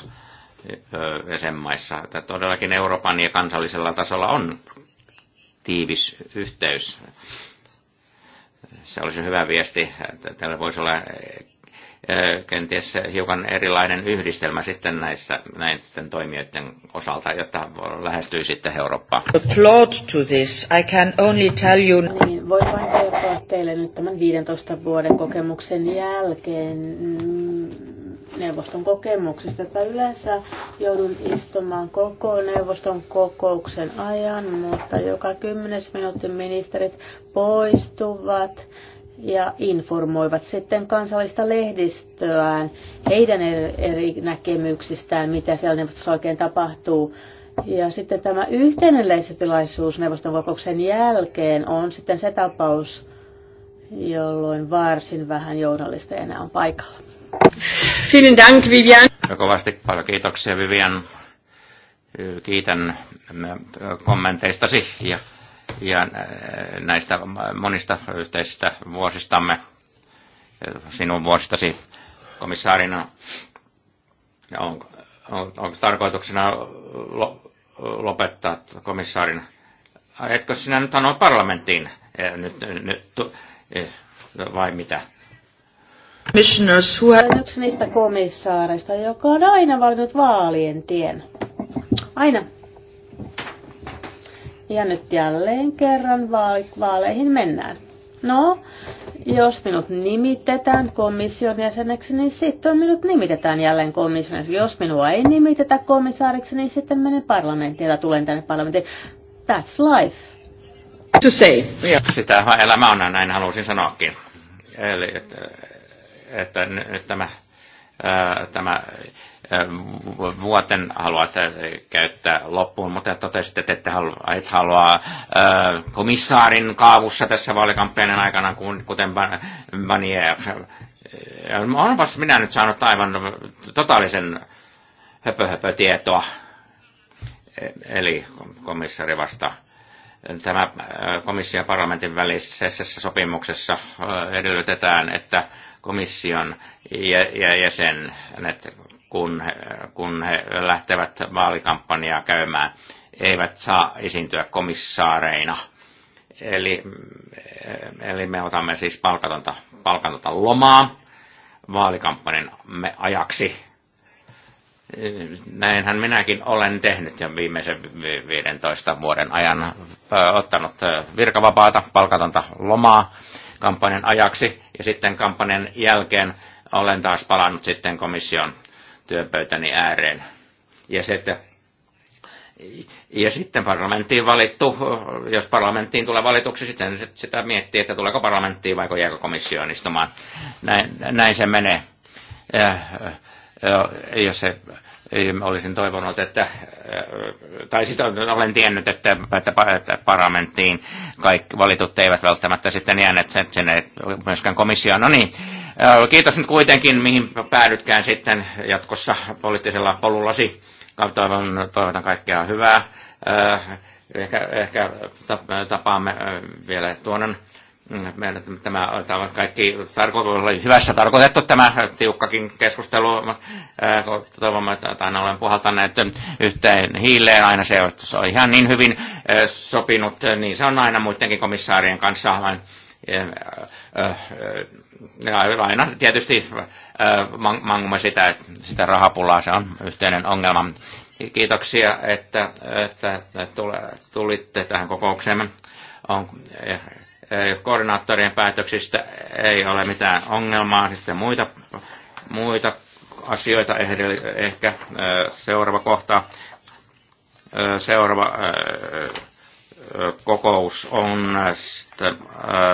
jäsenmaissa. Että todellakin Euroopan ja kansallisella tasolla on tiivis yhteys. Se olisi hyvä viesti. että Tällä voisi olla kenties hiukan erilainen yhdistelmä sitten näissä, näiden toimijoiden osalta, jotta lähestyy sitten Eurooppaa. Applaud to this. I can only tell you... Niin, voin vain kertoa teille nyt tämän 15 vuoden kokemuksen jälkeen mm, neuvoston kokemuksesta, että yleensä joudun istumaan koko neuvoston kokouksen ajan, mutta joka kymmenes minuutin ministerit poistuvat ja informoivat sitten kansallista lehdistöään heidän eri näkemyksistään, mitä siellä neuvostossa oikein tapahtuu. Ja sitten tämä yhteinen leisötilaisuus neuvoston kokouksen jälkeen on sitten se tapaus, jolloin varsin vähän journalisteja enää on paikalla. Vielen dank, Vivian. Kovasti paljon kiitoksia, Vivian. Kiitän äh, kommenteistasi ja ja äh, näistä monista yhteisistä vuosistamme, sinun vuosistasi komissaarina, on, on, onko tarkoituksena lopettaa komissaarina? Etkö sinä nyt annoin parlamenttiin eh, nyt, nyt, eh, vai mitä? Commissioners who Yksi niistä komissaareista, joka on aina valinnut vaalien tien. Aina ja nyt jälleen kerran vaaleihin mennään. No, jos minut nimitetään komission jäseneksi, niin sitten minut nimitetään jälleen komission jäseneksi. Jos minua ei nimitetä komissaariksi, niin sitten menen parlamenttiin ja tulen tänne parlamenttiin. That's life. To say. Yeah. Sitä elämä on, näin halusin sanoakin. Eli että, että nyt tämä tämä vuoten haluat käyttää loppuun, mutta totesit, että ette halua, et halua komissaarin kaavussa tässä vaalikampanjan aikana, kuten Banier. Onpas minä nyt saanut aivan totaalisen höpöhöpötietoa. Eli komissaari vastaa tämä komission ja parlamentin välisessä sopimuksessa edellytetään, että komission jäsenet, kun he, kun he lähtevät vaalikampanjaa käymään, eivät saa esiintyä komissaareina. Eli, eli me otamme siis palkatonta, palkatonta lomaa vaalikampanjan ajaksi. Näinhän minäkin olen tehnyt ja viimeisen 15 vuoden ajan ottanut virkavapaata, palkatonta lomaa kampanjan ajaksi ja sitten kampanjan jälkeen olen taas palannut sitten komission työpöytäni ääreen. Ja sitten ja sitten parlamenttiin valittu, jos parlamenttiin tulee valituksi, sitten sitä miettii, että tuleeko parlamenttiin vai jääkö komissioon istumaan. Näin, näin se menee. Ja, jos se olisin toivonut, että, äh, tai sitä siis olen tiennyt, että, että parlamenttiin kaikki valitut eivät välttämättä sitten jääneet sinne myöskään komissioon. No niin, äh, kiitos nyt kuitenkin, mihin päädytkään sitten jatkossa poliittisella polullasi. Toivon, toivotan kaikkea hyvää. Äh, ehkä, ehkä tapaamme vielä tuonan Mm, meillä tämä, tämä kaikki tarkoitus hyvässä tarkoitettu tämä tiukkakin keskustelu. Toivomme, että aina olen puhaltaneet yhteen hiileen. Aina se on ihan niin hyvin sopinut, niin se on aina muidenkin komissaarien kanssa. Vain aina tietysti mangumme sitä, sitä rahapulaa, se on yhteinen ongelma. Kiitoksia, että, että tulitte tähän kokoukseen. On, koordinaattorien päätöksistä ei ole mitään ongelmaa. Niin sitten muita, muita asioita ehkä seuraava kohta. Seuraava kokous on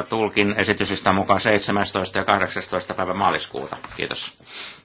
tulkin esitysistä mukaan 17. ja 18. päivä maaliskuuta. Kiitos.